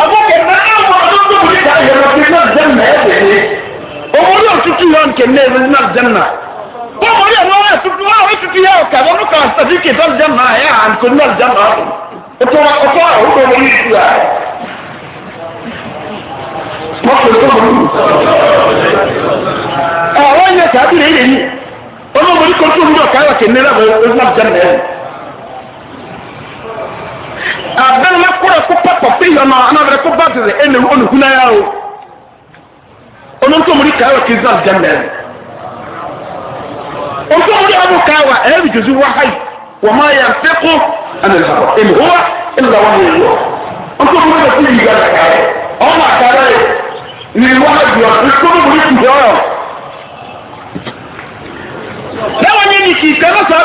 ọ̀pọ̀kẹ̀ náà ọmọ ọdún tó kù titi yɛ ɔka wɔn ka certificate ɔn jama yɛ ankoni ɔn jama ɔn ɔtɔ ɔtɔ a ɔtɔ wɔn yi tu a. Àwọn yẹn kàá bìrì èyí ni, ọmọ mi kò tó wúlò káyọ̀ kì í nílẹ̀ bẹ̀rẹ̀ ọdún A jẹ́ mẹ́rin. Àbẹ̀rẹ̀ kúrẹ̀ kó pẹ̀pọ̀ pé ìyọ̀nà anábẹ̀rẹ̀ kó bá bẹ̀rẹ̀ ẹ̀ ní olùkúnayà o. Ọmọ mi kò tó wúlò káyọ̀ kì í nílẹ̀ bẹ̀rẹ̀ ọdún náà jẹ́ mẹ́rin ojú ọdún ọdún káwà ẹ̀rì jòzú wáháì wọ́n máa yà fẹ́kọ́ ẹnìyàwó ẹnì wọ́n ẹnìyàwó wọn yẹn lọ. ojú ọdún ọdún ọdún yìí gbàgbà kárẹ̀ ọmọ àkàrà yẹ ní wàhálà jùlọ ìṣòro mú ní ìjọ yọ. bẹ́ẹ̀ wọ́n yẹ ní kí ìkànnì sọ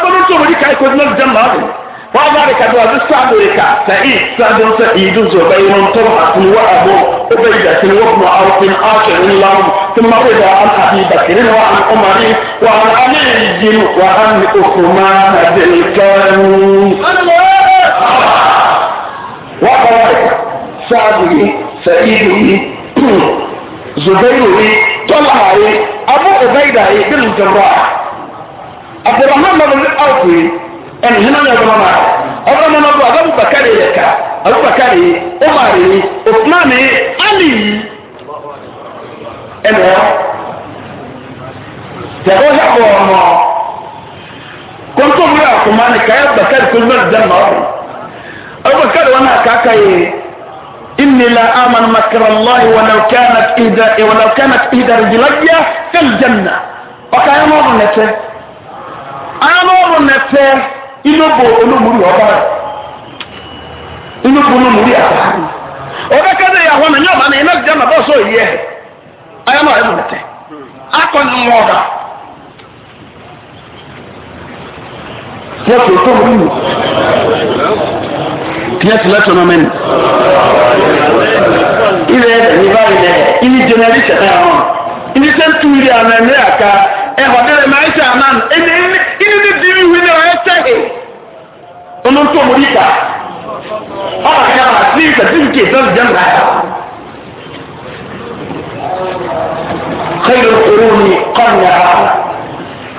وذلك دوا بالسابريكا سعيد سعد سعيد زبير طلحة وأبو عبيدة وابن عوف آخر لهم ثم رضا عن أبي بكر وعن عمر وعن علي وعن عثمان بالكون وذلك سعد سعيد زبير طلحة أبو عبيدة بن الجراح عبد الرحمن بن عوف ɛnhena ne ɛdɔma ma ɔbɛn mu n'ɔbɔ abu bakari yɛ ka abu bakari ɔmari ɔfumani ali ɛnɛ tɛ ɔyɛ bɔ ɔmɔ kɔntɔn mu yɛ akoma ne ka yɛ bakari kɔn mu ɛdɔm ma ɔbɛn abu bakari wɔn a kaka yɛ إني لا آمن مكر الله ولو كانت إحدى ولو كانت إحدى رجلي في الجنة. وكان أمر نفسه. أمر نفسه inobo olomuri ọba inobo olomuri aba ọba kẹdẹ yà wọn nyẹ ọba nìyẹn náà jẹ nàbọ sọ yìí ẹ ayé náà ẹ mọlẹtẹ akọ ní wọn ọba yẹ kò tó wọn mu tiẹ tilẹ tó nà mẹni ilẹ ẹni báyìí lẹ ilé jẹnẹrì sẹta yà wọn ilé sẹntu yìí àná ẹni àká ẹhọ máa ń sẹ àná ẹni. ọmọ tó mú yíká ọmọ àyà máa sí sàtífìkì sọ́ọ̀sì jẹ́mu láyà. خير القرون قرن هذا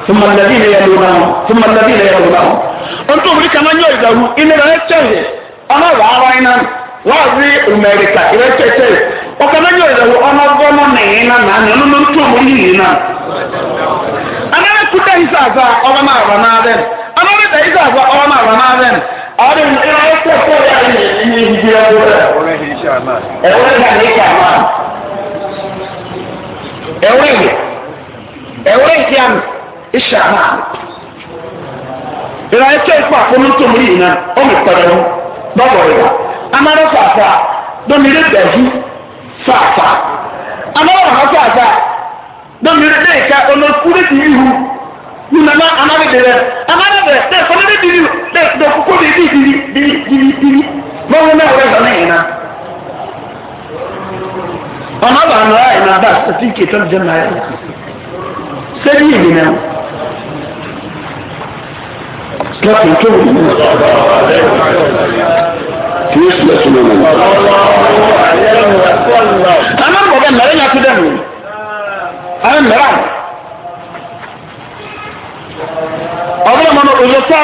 ثم الذين يلونهم ثم الذين يلونهم أنتم أمريكا من يعزوا إن لا يتشهد أنا وعرائنا وعزي أمريكا إلا يتشهد وكما يعزوا أنا ظلم نعينا نعنا ننتم أمريكا أنا لا كنت أنسى أنا ما أعرف ọmọ mi tẹ̀ ìgbà àgbà ọmọ màmá máa bẹ̀ ni ọdún ìrìn ayé tó kó yà ní ní ìdí ọdún rẹ̀. ẹ̀wọ́n ní ìṣe àmà. ẹ̀wọ́n ní ìṣe àmà. ẹ̀wọ́n ìwé ẹ̀wọ́n ìṣe àmì ìṣe àmà. ìrìn ayé tó ìpò àkómi tó mú yìí náà ó mi pẹ̀lú lọ́wọ́ ìwà. amadu fàfà domire bẹ̀jú fàfà. amadu fàfà domire bẹ́ẹ̀ ká ọ̀nà kúrẹ́tì ihu ni nana anare de rɛ anare de rɛ fana de diri de de koko de di diri diri diri diri mɔgɔ n'a yɛrɛ zan ne yina ɔnà bá a nɔra yina bá a ti kì í tɔn jɛn na yɛrɛ sɛbi yi yina lọ́kì tó wù mí. kìí sílẹ̀ sílẹ̀ mọ́. anamọ̀ bẹ́ẹ̀ mẹ́rin yà kú dẹ́nu. anamọ̀ bẹ́ẹ̀. ọbẹ̀ mọ́nà òyìnbó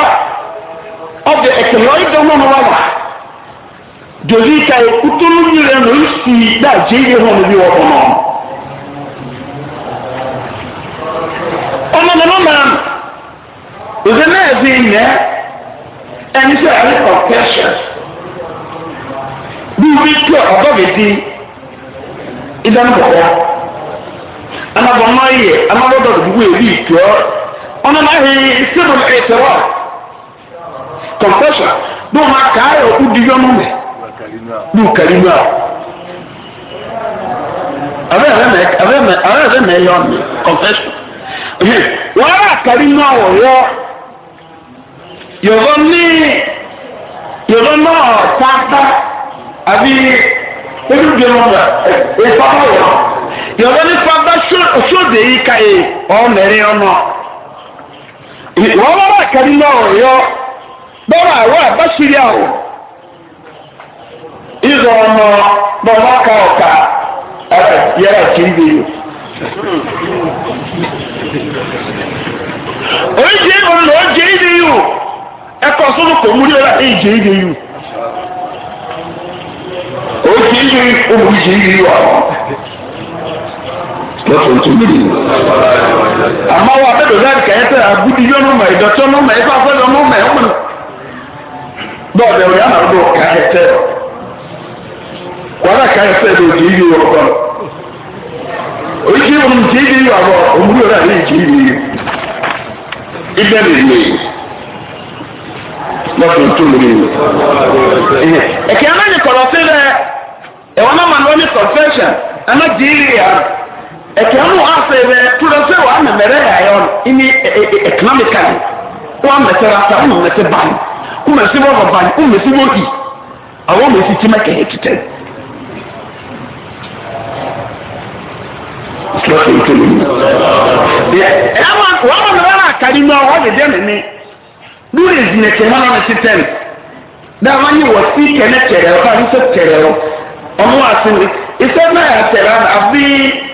ọbẹ̀ ẹ̀kẹ̀lẹ̀ ọ̀yẹ́dẹ̀ mọ́nà wà wà dòdì ka ekutu nínú rẹ̀ ló ń sì dá jéèrè hàn níbi wọ́n mọ́ ọmọ mi mọ́nà òde náà di ìyẹn ẹni sọ ẹni kọ̀pẹ́sẹ̀ bí wọ́n ti ọ̀dọ́ mi di ìdánwò bọ̀ wá anabọ̀ mọ́ iyẹ̀ anabọ̀ dọ̀dọ̀ gbogbo èyí ìtọ́ ọmọ náà hì sírù ìtẹ̀wọ̀ confession bí wọn kà á yọ ọdún yọ mọ́mẹ́ bí wọn kàrí náà abẹ́rẹ́ mẹ́ yọ mi confession wọ́n á kàrí náà wọ̀ yọ yọ̀bọ ní yọ̀bọ náà pátá àbí olùdíje wọn gbà ẹ̀ pátá yọ̀ yọ̀bọ ní pátá sóde yìí ká yìí ọ̀ mẹ́rin ọ̀nà wọ́n bá bá kẹ́rin náà ọ̀yọ́ bọ́ọ̀rọ̀ àwọ̀ àbáṣírí àwọ̀ ìzọ̀ ọmọ bọ́ọ̀mọ́ ká ọ̀ka ẹ̀rọ yẹra kiri bi yìí. oríṣi ìbò ń lọ jẹ́ ìdí yìí ẹ̀kọ́ sọ́dún kò múlí ọ̀la èyí jẹ́ ìdí yìí. oríṣi ìbò ń jẹ́ ìdí yìí wà lọ́sọ̀ tó gbé yìí. àmọ́ wa bẹ́ẹ̀ lọ́dọ̀ àdìkà yẹn tẹ̀ àbúdí yọ nọ́mà ìdọ̀tọ́ nọ́mà ẹ̀fọ́ afọ́dọ̀ nọ́mà ẹ̀wọ̀n. bọ́ọ̀dẹ̀ òyà náà lọ kà á tẹ̀ wàhálà kà á tẹ̀ lọ́dọ̀ ìyí wọ̀ ọ̀gbọ́n. oríṣi ìwọ̀n ti ìdí yọ àbọ̀ òmùdó rẹ̀ àlẹ́ ìjì ìdí yìí. ibẹ̀ lè lè lọ́sọ̀ tó gbé yìí. ẹ̀kẹ́ anáyẹ kọ̀rọ̀ sí rẹ̀ ẹ̀wọ̀n náà ɛkɛm no asɛ bɛ tura sɛ wa na mɛrɛ yɛ ayɛ ɔno ɛni wa mɛsɛ rasa wa mɛsɛ ban wa mɛsɛ bɔbɔ ban wa mɛsɛ bɔhi awɔ mɛsɛ kyimɛ kɛhɛ titɛ silasi nkele mu ɛma wa na akari mu a wa de dɛ mɛmɛ lórí ìzìnà kẹmẹ náà ní titɛ mi dá wọn yí wọ sí kẹne tẹrẹ ọ ní sẹ tẹrẹ ọ ọmọ wa sí mi náà yà àbí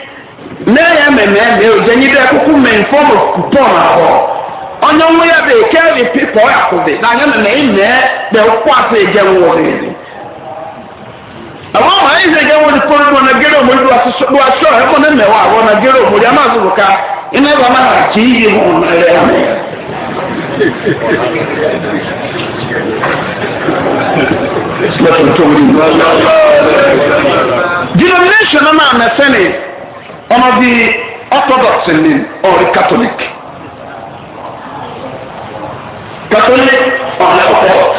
n'eya mmemme o jenyi dị akwụkwọ mmemme fọm kupọn ahụ onye nwe ya bụ ekevi pipa ọ akwụdị na anya mmemme ime dị akwụkwọ atọ eje nwụọ n'ezi àwọn ọmọ ayé ṣe jẹ́ wọn ní kóró wọn náà gẹ́rẹ́ òmòdì wa sọ wa sọ ẹ̀ mọ́ ní mẹ́wàá àwọn náà gẹ́rẹ́ òmòdì àmọ́ àti òkà iná ìwà máa kì í yé wọn rẹ̀ àmì. denomination náà nà sẹ́ni ọmọ bíi orthodox ni ọ̀rí catholic catholic ọ̀rẹ́ orthodox.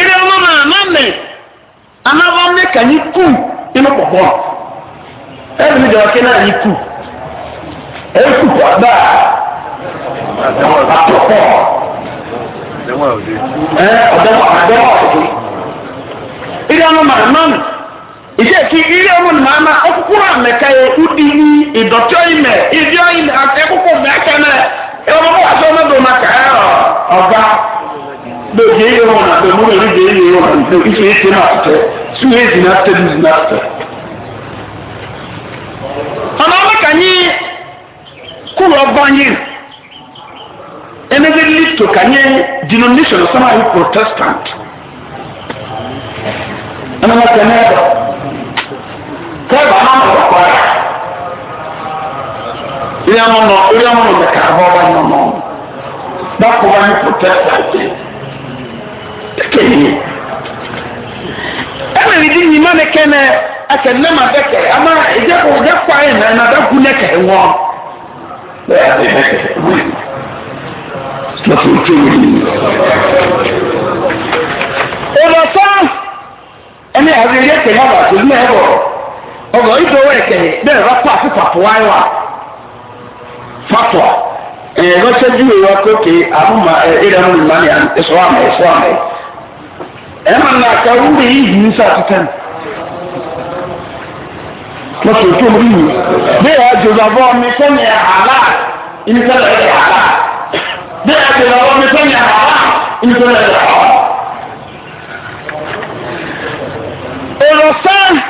ilé ọmọ màá má mẹ anáwó mi kà yín kú inú pọ̀ pọ̀ ẹ̀rù mi jọ̀wọ́ kí náà yín kú ẹ̀rù kú pọ̀ gbà àtọ̀pọ̀ ẹ̀ ọ̀dọ́wọ̀ àdọ́wọ̀ ọ̀dọ́ ilé ọmọ màá má mẹ ìṣèkì ilé ọmọ nìmọ̀ àmà ọkùnkùn àmẹ́ka yẹ udi ní ìdọ̀tí ọ̀yìnmẹ̀ ìdí ọ̀yìnmẹ̀ akẹ́kọ̀ọ́ mẹ́kẹ́ náà ẹ wọ́n bọ́ aṣọ ọmọdé ọmọ kà ẹ ọba lóde yìí wọn àti ọmọ rẹ lóde yìí wọn àti ìṣe èsì náà tẹ suwéèsì náà tẹ lùsì náà tẹ. ọ̀nà ọmọkà yín kúrò ọba yín ẹni bí lítò kà yín denomination sọ́nà yìí protestant. ọmọkà náà kẹ́ẹ̀bà náà mọ̀ wá kọ́ra ilé ọmọ nọ ilé ọmọ nọ mẹka bọ́ ọba nọ nọ dákò wá ní pòtẹ́tà jẹ kékeré ẹnna ìdí yìí ama ìdẹ́kọ̀ ìdẹ́kọ̀ ayé nà ẹ̀nà dákú nẹ́kẹ̀ wọ́n bẹ́ẹ̀ adé wọ́n ẹni àbí ní ọgọ ìdọwọ ẹkẹyẹ bẹẹ bá kó àfipàpọ wáyé wa fatwa ẹ lọsẹ júwe wa kókè àbúmọ ẹ ìdánwò ìmánì ẹsọ àmọ ẹsọ àmọ ẹ mà nà ká wúlò yìí yìí nsọ àtúntà mi lọsọ ètò omi yìí bẹẹ àjọba bọ mi sẹni àhàlà ìnísẹlẹ ẹdẹ àhàlà bẹẹ àjọba bọ mi sẹni àhàlà ìnísẹlẹ ẹdẹ àhàlà. èrò sáà.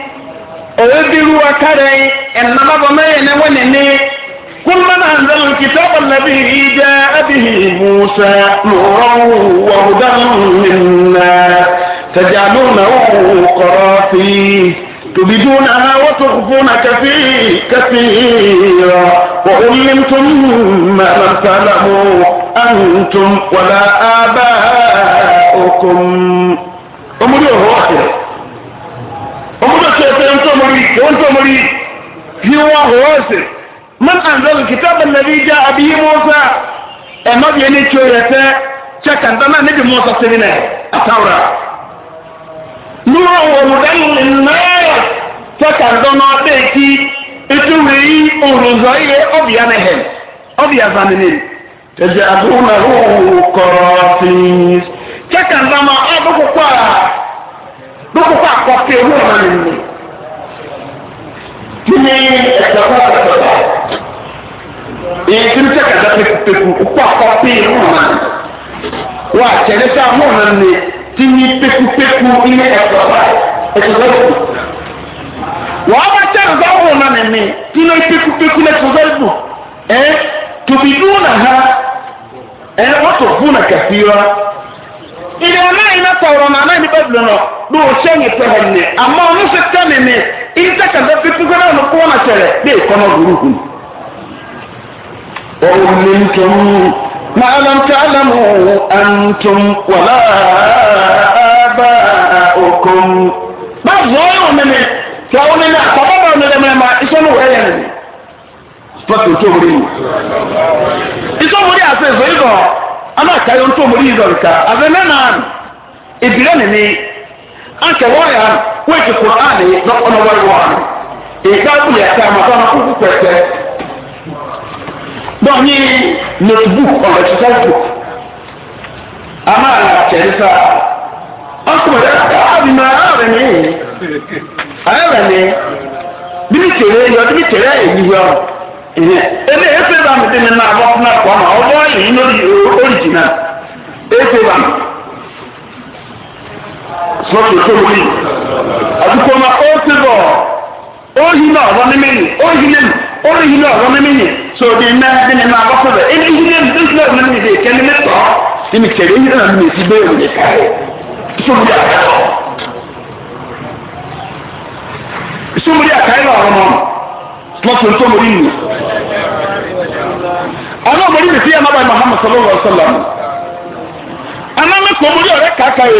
owebiru akarai enama bamaye ne wanene كلما أنزل الكتاب الذي جاء به موسى نورا وهدى منا تجعلونه قرافي تبدونها وتخفون كثير كثيرا وعلمتم ما لم تعلموا أنتم ولا آباؤكم أمري هو أخيرا أمري muri ke wani muri fi man an zaba kitaban ja abiyi musa e mabiya ne ya ta cakan dana nabi musa sai ne a taura nuwa wa mudallin na chaka dana ta ki ito wei ọrụzọ ihe ọbịa na hem ọbịa zanini eji ruhu kọrọfis chekanza ma ọ dụkwụkwa dụkwụkwa akọkọ ewu ọma na kí ni ẹ̀sẹ̀ kọ́ ẹ̀sẹ̀ bá èyí tí ń tẹ́ kàdá pẹ̀kú kó àkọ́ pé irú ma wà tẹ̀lé sá mọ́ ọ̀nà ni tí ní pẹ̀kúpẹ̀kú ilé ẹ̀sẹ̀ bá ẹ̀sẹ̀ bá ẹ̀sẹ̀ wàá bá tẹ̀lé sá mọ́ ni tí ní pẹ̀kúpẹ̀kú ẹ̀sẹ̀ bá ẹ̀sẹ̀ ẹ̀ tòbí dúró ha ẹ̀ wọ́n tó fún nà kàfíra ìdè ọ̀nà yìí náà tọ̀rọ̀ nà náà ní bẹ́ẹ̀ intakada fitugo na no kona chere de kono guruhu wa ummintum ma lam ta'lamu antum wala aba'ukum ba yoyo meme tawone na sababa mele mema isono weye ne spatu to muri iso muri asezo izo ana kayo to muri izo ka na ibire ne ni anke waya weki qur'ani no ono wari wani e ka ya ta ma kana ọrụ kwete do ni notebook on the textbook ama la chelisa anko ọrụ. abi ma ara ni sọ́kè sọ́kè àdúgbò máa ó ti bọ̀ ó yí náà wọ́n ní mẹ́yìn ó yí lẹ́nu ó yí náà wọ́n ní mẹ́yìn sọ̀rọ̀ ní mẹ́rin ní máa bọ́ sọ̀rọ̀ ẹni yí lẹ́nu tó ti lọ́ọ̀ nínú ìdè kẹ́ni mẹ́tọ́ ẹni kẹ́ni yí náà nínú ìdí bẹ́ẹ̀ wọlé káyọ̀ sọ́mùdí àkáyọ̀ sọ́mùdí àkáyọ̀ àwọn ọmọ lọ́sọ̀ sọ́mùdí nù. àwọn ọmọdé mi fi ẹ̀ máa bá Muhammad sallallahu alayhi wa sallam. anamẹ́kọ̀ọ́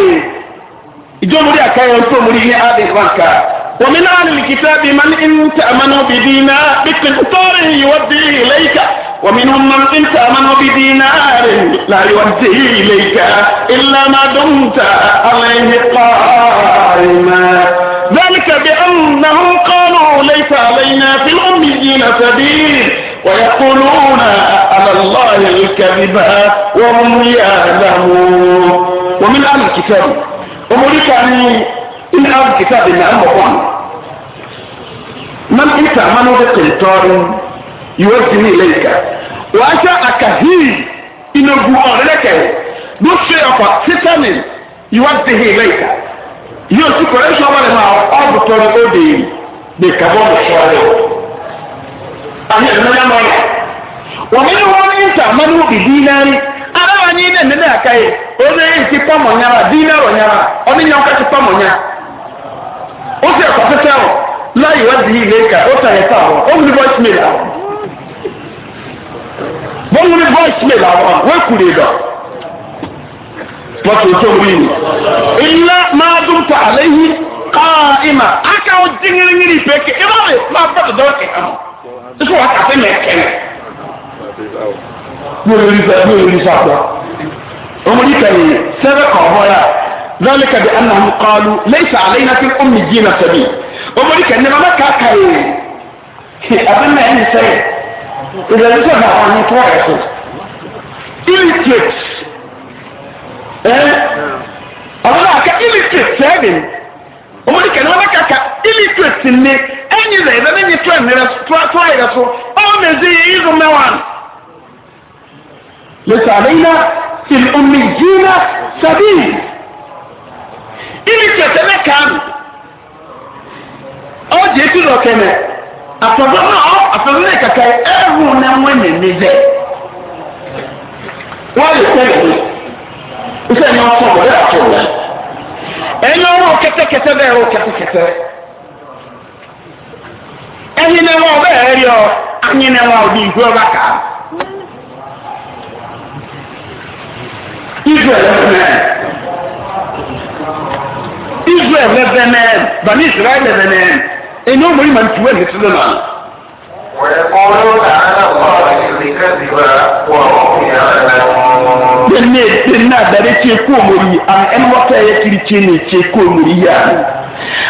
جمري أكاين تمريه هذه الركعة ومن أهل الكتاب من إن تأمنوا بدينا بقنطاره يوديه إليك ومنهم من إن تأمنوا بدينار لا يوديه إليك إلا ما دمت عليه قائما ذلك بأنهم قالوا ليس علينا في الأميين سبيل ويقولون على الله الكذب وهم يعلمون ومن أهل الكتاب omorika ni in an kita bi na amma kwan man ita manu da tintorin yuwarjini ilaika wa aka akahi ina gu ọrẹlẹkẹ do se ọkọ sitanin yuwarjini ilaika yóò ti kọrẹ sọ wọn ma ọbùtọrọ òde de kabọ mọṣọrọ àmì ẹnìyàn mọrẹ wọn ni wọn ní ìta manu bi dinari ara wa nyi ne nene akaye ɔne yi ti pɔmɔ nyara diinɛ wɔ nyara ɔne nyɛ ɔka ti pɔmɔ nya o ti ɛkɔ o laayi wa di yi le ka o ta yɛ ta awɔ o wuli voice mail awɔ bɔn wuli voice mail awɔ o ekure dɔ wọ́n tó wuli ni ilá máa dùn ta ale yi kaa ima aka o jiŋiriŋiri peke ibà mi máa bá dọ̀dọ̀ kẹ̀kẹ́ mọ́ sísè wà kàfé mẹ́kẹ́ mẹ́ bí olórí sá bí olórí sá pọ̀ ọmọdé kẹyìn sẹ́fẹ̀ kọ̀ ọ̀họ́ yá lọ́ọ̀lì kẹbi anahu kọ́ọ̀lù lẹ́sà àlẹ́yìn náà ti ń ọmọ ìjì náà sẹ́bi ọmọdé kẹyìn náà mẹ́ka kẹyìn abẹ́mẹ́ ẹni sẹ́yìn ìdẹ̀rẹ́ sọ̀rọ̀ àwọn ọ̀nà tó wà ẹ̀sọ́ illiterate ẹ̀ ọ̀nà àká illiterate sẹ́yìn ọmọdé kẹyìn náà mẹ́ka kẹyìn illiterate ni ẹ̀yìn rẹ̀ ẹ̀dẹ́ ليس علينا في الأميين سبيل إني كتنا كان أو جيت ركنا أفضلنا أو أفضلنا كاي أهو نموين نزي wọ́n sẹ́yìn ní sẹ́yìn ní ọ̀sán wọlé àtọ̀wọ́ ẹ̀yin ọ̀rọ̀ kẹ́tẹ́kẹ́tẹ́ bẹ́ẹ̀ ọ̀rọ̀ kẹ́tẹ́kẹ́tẹ́ ẹ̀yin náà wọ́n bẹ́ẹ̀ rí ọ anyin náà wọ́n bí ìgbé ọba kàá. israel ɛfɛnɛ israel ɛfɛnɛ bani israel ɛfɛnɛ ɛni ɔmɔ yi ma tu ɛni ti lona. Dene dene adare tse ko omori ana ɛni wɔtɔ yɛ kiri tse ne tse ko omori yia.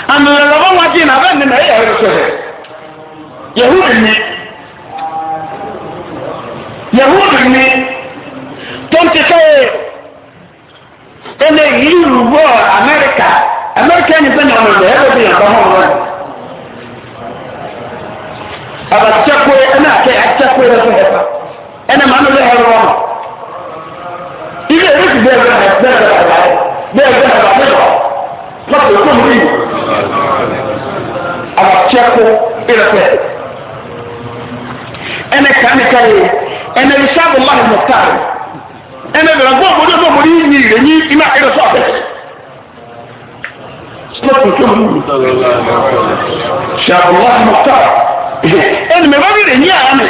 Anana lɔbɔ wa dzi na bɛ nina eya yɛ sɔrɔ. Yehu dini. Yehu dini. Tɔn ti sɛ yíyù wọ amẹ́ríkà amẹ́ríkà ẹni sẹ́ni ọ̀nà ọ̀dọ̀ ẹ̀rọ bí nǹkan hàn wọn. abakyakwe ɛna akɛ akyakwe rɛ so hɛfa ɛna maa nolo hɛrɛ wɔn ibi ebi ti bɛɛ bɛɛ bɛɛ bɛɛ bɛɛ bɛɛ bɛɛ bɛɛ bɛɛ bɛɛ pɔtɔ ɛkɔm yi abakyakwe rɛ so hɛfa ɛna kanika yi ɛna isabu lahi mɔtaari ẹnẹ bẹ̀rẹ̀ gbọ́ ọ̀gbọ́dọ̀ tó mọ̀ ní ìyìn ìrẹ̀ ní iná ẹ̀rọ sọ àbẹ̀. Ṣàbùwọ́n mọ̀tà. Ẹnì mẹ́fà ní ìrẹ̀ ní àárín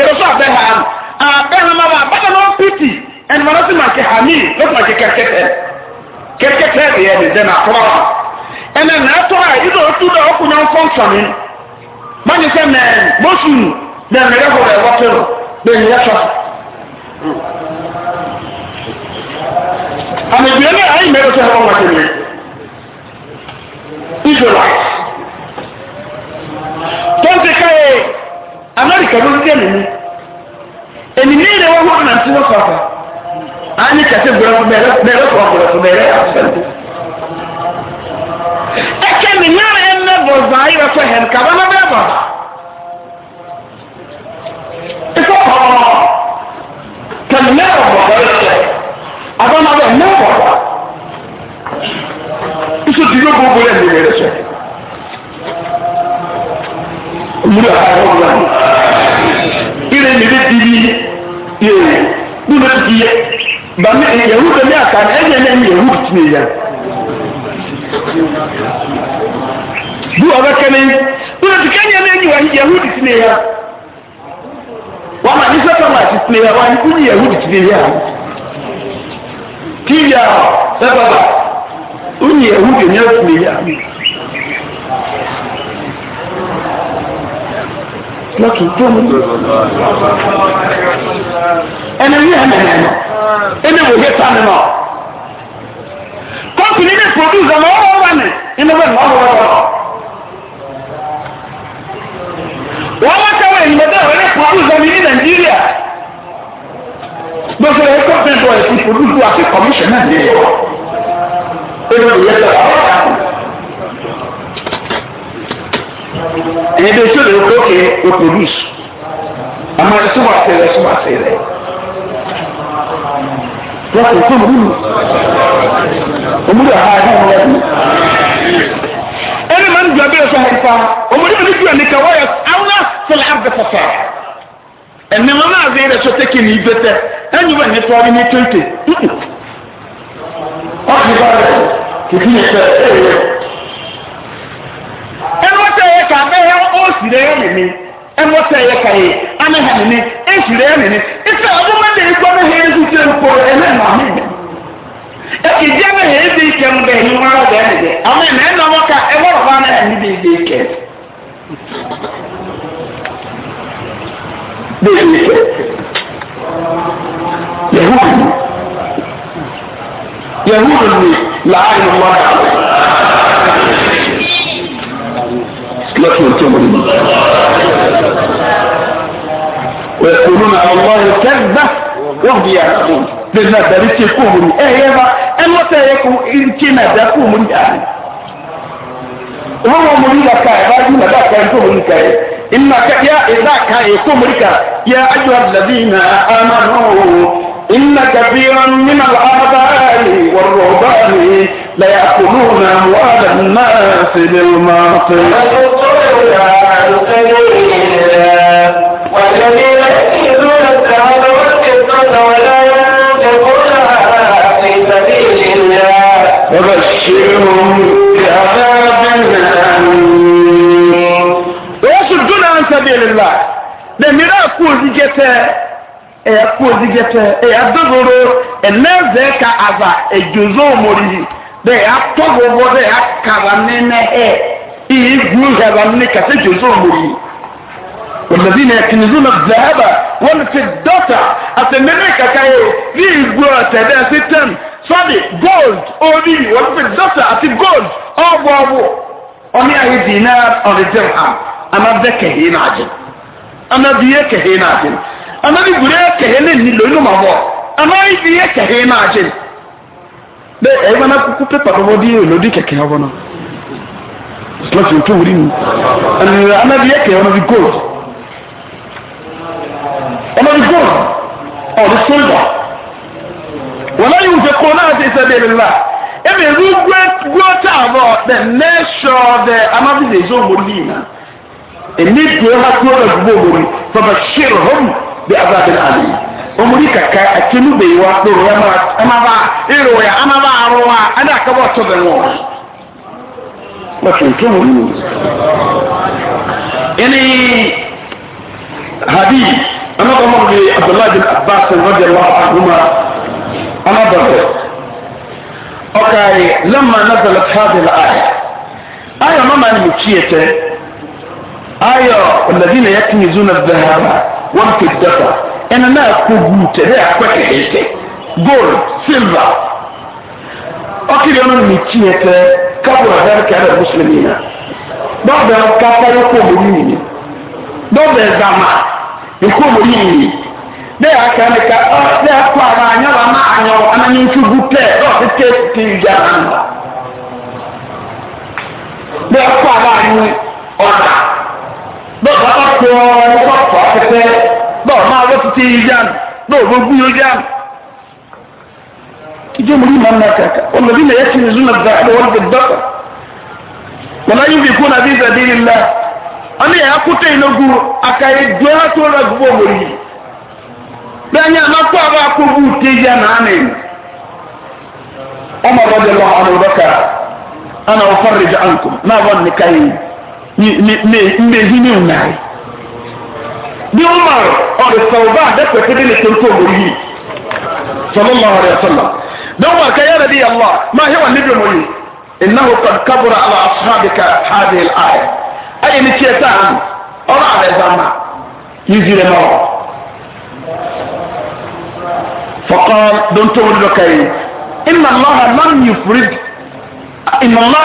ẹ̀rọ sọ àbẹ̀ ha nù. Àbẹ̀ hàn máa bá bàtà náà pìtì ẹnì mọ̀tà sì máa kẹ hàmì lọ́tù máa kẹ kẹ́kẹ́tẹ́. Kẹ́kẹ́tẹ́ rẹ̀ yẹ nìjẹ́ nà kọ́ wa. Ẹnẹ náà tọ́ a ìdò otu dọ̀ ọkùnrin fọ́nsọ̀nì. Mọ̀nyí sẹ́ mẹ́ẹ̀n mọ́sùn mẹ́ẹ̀n rẹ̀ wọ̀ àmì ìbílẹ̀ ní àyè mẹ́rin tó ẹ̀rọ wájú mi israelite tó ń ti káyé amẹ́ríkà ló ń dé nìyí èmi ní ìrẹ̀ wọn wọn náà ti wọ́n sọ̀tà á ní kẹsẹ̀ gbọ́dọ̀ fún bẹ́ẹ̀ bẹ́ẹ̀ fún ọ̀gbọ̀dọ̀ fún bẹ́ẹ̀ àtúntò. ẹkẹ mi ní àrẹ ẹnẹ bọ̀dọ̀ ayé wọ́n fẹ́ hẹn kàbá má bẹ́ẹ̀ bọ̀ ìfọ̀kọ̀ kẹmí mẹ́rọ̀ bọ̀dọ̀ yìí abana bɛ mɛ kɔ isu ti yóò gbogbo yɛ nìyɛn rɛ sɛ muru a ka yɔrɔ la ire ni bɛ dibi yee ni bɛ ti yɛ ba mi yahu bɛ mi a kan ɛ yɛ ne yahu bi ti ne yan bu a bɛ kɛnɛ ire ti kɛ yɛ ne yahu bi ti ne yan wa ma ni ti ne yan wa ni yahu bi ti ne kija sababa unyi yahudi nyasimia lọ́tù tó mú. ẹni ní ẹ̀mẹ̀ ẹ̀mẹ̀ ẹni wò yé sani nọ. kọ́ọ̀tù ní ní pòdúsà mọ́ ọ́ wà ní inú bẹ́ẹ̀ mọ́ ọ́ wà. wọ́n wá sẹ́wọ̀n èyí lọ́dọ̀ ẹ̀rọ ní pòdúsà mi ní nàìjíríà gbogbo ẹ̀ kọ́ fẹ́ bọ̀ ẹ̀sìn polúkú àti kọmíṣánná ní ẹ̀ ẹ̀rọ ìyẹn tó wà wá. ẹ̀yin bẹ́ẹ̀ tó lè kó ké o polúùsù àmọ́ ẹ̀ súnmọ́ àti rẹ̀ súnmọ́ àti rẹ̀ wọ́n kò tó múlù òmùdó àhá ẹ̀hán wọn lẹ́nu. ẹni máa ń ju abẹ́rẹ́ sọ àyíká òmùdó àdìgbò ẹ̀nìkan wọ́n yẹ àwọn náà sọlá àbẹ̀fọ̀fọ̀. ẹni wọn náà zẹ́ ẹ̀rẹ́sọ tẹ́kì ní ibẹ̀tẹ̀ ẹni wọn ní tọ́rí ní twenty ọ̀sùn bá rẹ̀ kìkì ní sẹ́ ẹ̀rẹ́ ẹni wọ́n tẹ́ ẹ̀yẹ ká abẹ́yẹ ó sì rẹ̀ ẹ̀ nìní ẹni wọ́n tẹ́ ẹ̀yẹ ká yẹ anáhà nìní ẹ̀ sì باسم يهود يهود لعين الله عليه لكن الكمر ويقولون على الله الكذبة وهم يعلمون بالنسبة للكفر أهيبا أن وتأيكم إن كنا داكم الآن wọ́n mú ní ìdàkà ìbájú nà dákà tó mú ní kàyé ìnà kàyà ìdàkà ẹ̀ tó mú ní kà yà ájú nà àmàlù ìnà kàbíyà nínà àbáyé wọ̀rọ̀báyé lẹ́yà kùlù nà wàdà nà sílẹ̀ mọ́tò. والذين يكيدون الذهب والفضة ولا ينفقونها في سبيل الله The miracle lila dèmírà kú òzìjẹ tẹ ẹ̀yà kú òzìjẹ tẹ ẹ̀yà dòdòdò ẹ̀nẹ́zẹ̀ ka àzà ẹ̀dùnzó òmòrì yìí dẹ̀ ẹ̀yà tọ́gbọ̀gbọ̀ dẹ̀ ẹ̀yà kàrà nínú ẹ̀ ìyí gùn hẹ̀rà ní kàtẹ́ ẹ̀dùnzó òmòrì yìí. والذين يكنزون الذهب والفضة أتمنيك كاي في غوا تدا ستم صدي جولد أودي والفضة أتي جولد أبو أبو أمي أهي دينار أو درهم anabɛ kɛhɛ n'adze anabie kɛhɛ n'adze anabi gure kɛhɛ n'eni lɛ inu ma bɔ anayi bie kɛhɛ n'adze bɛ e ɛyɛ mana kuku pepa dɔbɔ di yɛ lodi kɛkɛ yɛ bɔnɔ silasi o tó wuli mu anabie uh, kɛhɛ ɔnabi gold ɔnabi gold ɔdi silva wɔn ayi wusɛ kɔn naa ti sɛ deɛ lila ebi ezu gbɛ gbɛ taabɔ the e measure the anabi de zo mo na ẹni tiẹ ha kúrò náà gbogbo omori fọba ṣírí hom bí azabi náà lè omori kàkà àtẹnu bẹyì wa lórí ẹ máa ẹ máa bá irú ya ẹ máa bá arọ wa ẹ náà kábọ̀ tó bẹ̀ wọ̀ wọ́n fi nké wọ́n mu ẹni hadi ọmọ bàbá mi abdullahi bin abbas rọdí allah ahuma ọmọ bàbá ọkàyè lẹ́mà nàzàlẹ̀ fàdé láàyè ayọ̀ mọ́mọ́ ni mo kí ẹ tẹ́ ayọ̀ ọ̀làdínà yẹ kìí zuna bẹ̀rẹ̀ wọn fi dẹ́fà na náà kó gu tẹ̀lé gold silver ọkìlì ọ̀nà mi kí yẹ tẹ kábùrọ̀ abẹ́rẹ́ kẹ́ ẹ̀rọ mùsùlùmí náà dọ́ọ̀bẹ̀ kápẹ́rẹ́ kó omi ni dọ́ọ̀bẹ̀ zàmà kó omi yìí ni bẹ́ẹ̀ aka ni ka ọ bẹ́ẹ̀ kọ́ ma anyọ́wọ́ ama anyọ́wọ́ anani ntugu tẹ̀ dọ́ọ̀bẹ̀ tẹ̀ tẹ̀ ìjà náà bẹ́ẹ̀ kọ́ àwọn anyi ọ̀dà bọ́ọ̀ bá bá pọ̀ bá pọ̀ pẹ́pẹ́ bọ́ọ̀ máa wọ́n títí yíyan bọ́ọ̀ bó gbúyó yíyan. ìjọ mi rí màá nà kàkà ọlọ́bí nà yẹ kí nìzú nà dà ẹ̀ wọ́n bẹ̀ dọ́kọ̀. wọ́n á yín fi kún àbí ìzàdí ni la wọ́n yẹ akútẹ́ ìnagu àkàyè dùn tó rà gbogbo wò bẹ́ẹ̀ ni àmà kó àbá kó bú tẹ́ yíyan nàánì. àná mmezi ne onyare bí wọn mọ ọdẹ sọlba adẹpẹtẹ de ne tẹntẹ ọmọ yìí sọlọmọ ọdẹ sọlọ dọwọ àkà yàrá di yàrá máa hẹ wọn níbi ọmọ yìí ìnáwó kan kábọrọ àlọ asọhábìkà hàdìl ààyè ayé ni tiẹ sáà nù ọrọ àlẹ zàmà yìí zi rẹ mọ. فقال دون تقول لك إن الله لم يفرد إن الله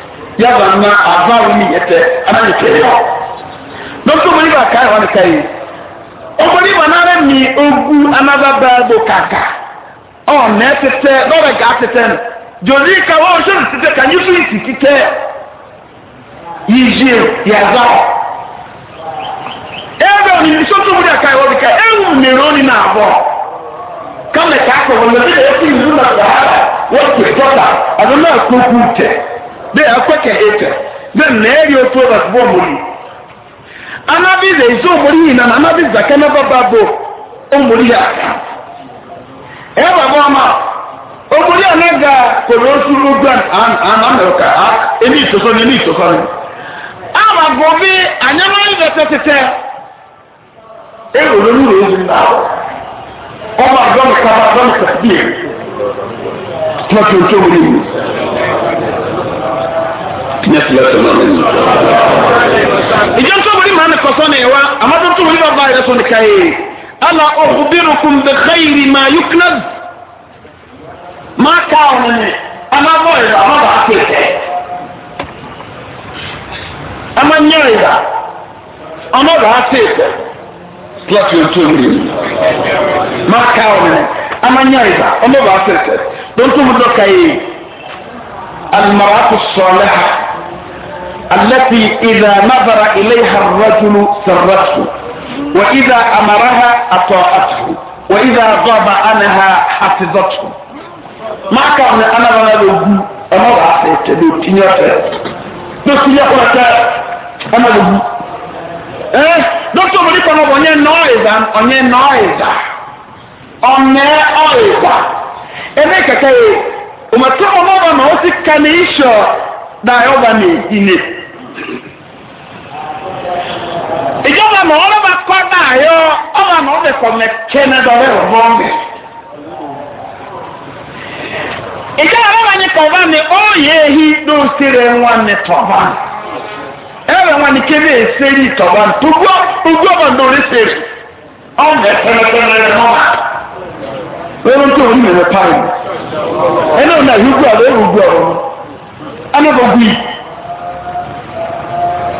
yaba na ava wo ni yɛtɛ ana ne kɛlɛ dɔkita omoni ba kaa wani ka yi omoni ba nara mi ogu anaba baabu kaka ɔ nɛ tetɛ lɔrɛ gaa tetɛ no joli ka wɔn ɔhyɛ ne tetɛ ka nyifu yi ti tetɛ yi zie yaza ɛbɛ oni nso tó mu de aka yi wɔ bi ka ewu mero ni na abɔ kama kaa kɔ wɔn lɛ bi na efi yi mu na kaa wɔn ti tɔta ɔno naa kó tɛ. de akweke ete na-eri otu ọba bụ omuli anabi ze iso omuli na anabi zake na baba bụ omuli ya e baba ọma omuli ya ga kọrọ osu ugbu ana mere ka emi itoso na emi itoso na ama bụ bi anya mara ịzete tete ewere n'ụlọ ozi mba ọma gọmkaba gọmkaba bie nyɛ tila tɔ ma nani. ìjọ tó wọlé màá ní kɔsɔ ní wa amadu tó wọlé bàbá yẹrẹ sọ ní ká yé ala ɔkubiru kun bɛ xeyiri ma yukuna ma ká ọ̀nà ni ama bọ̀ yẹrẹ ama bàa ké tẹ ama nyɛ yẹrẹ ama bàa ké tó wọlé ma ká ọ̀nà ni ama nyɛ yẹrẹ ama bàa ké tẹ tó tó wọlé ká yé alimara ha. التي إذا نظر إليها الرجل سرته وإذا أمرها أطاعته وإذا غاب عنها حفظته ما كان أنا ولا لجو أنا وعفيت لو بس يقول أنا لجو eh dókítà mo ní kọ́ ọmọ ọ̀nyẹ́ nọ́ọ̀ ìdá ọ̀nyẹ́ nọ́ọ̀ ìdá ọ̀nẹ́ ọ̀ ìdá ẹ̀mí kẹ̀kẹ́ yìí ọmọ tí ìjọba mọ̀ ọ́n bá kọ́ náà yọ ọmọ àmọ́ ọ̀bẹ kọ́ mẹ́kẹ́ náà dọ̀rẹ́ ọ̀bọ̀ mẹ́. ìjọba mọ̀ bá ní kọ̀ọ̀bá mi ó yẹ ehi ló ṣe rẹ̀ wọn ní tọ̀bá ẹ̀rẹ̀ wọn ní kébé ṣe rí tọ̀bá tóbi ojú ọmọ lórí ṣe rẹ̀ ọmọ ẹ̀fẹ̀mẹ̀fẹ̀mẹ̀ rẹ̀ mọ́ wọ́n tó ń mẹ̀rẹ̀ pààyàn ẹ̀ náà náà yóò gbọ́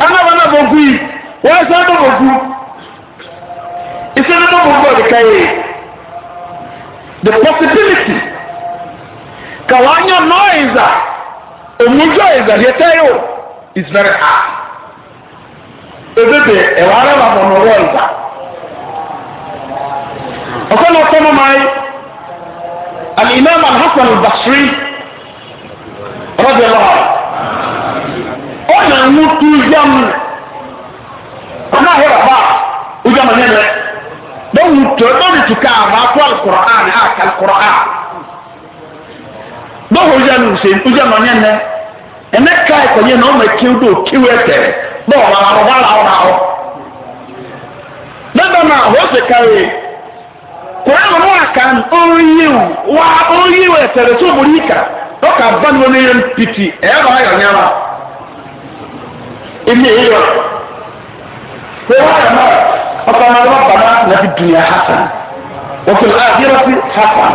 anáwọ̀ náà mọ̀ gú yìí wọ́n ẹ̀sẹ̀ náà mọ̀ gú ìṣẹ́ náà mọ̀ gú ọ̀dẹ̀ka yìí the possibility kàwọn anyọ náà ìzà òmùjọ ìzà yẹ tẹ́yọ̀ is very hard ebebe ẹ̀wọ̀n ara wà mọ̀ nọ̀rọ̀ ìzà ọ̀kọ́ náà kọ́ mọ́ máa yìí alìmọ́ màá hàn ọ na-anwụtụ ụjọm ọ naghị raba ụjọm nyere dọwụtụ dọwụtụ ma akụ alkụrọan a nọ nyere eme ka na ọ na ekew do kew ete dọwụ ma ahụ ọrụ ahụ ahụ na ahụ ose karịa kụrọan nwa ka oyi wa oyi wetere tụbụrụ na mpiti ebe ha yọnyere ilé yíyọ pé wọn yà máa ọkọ máa lọ bàbá nàbí dunya hasan òkè àdìrọ sí hasan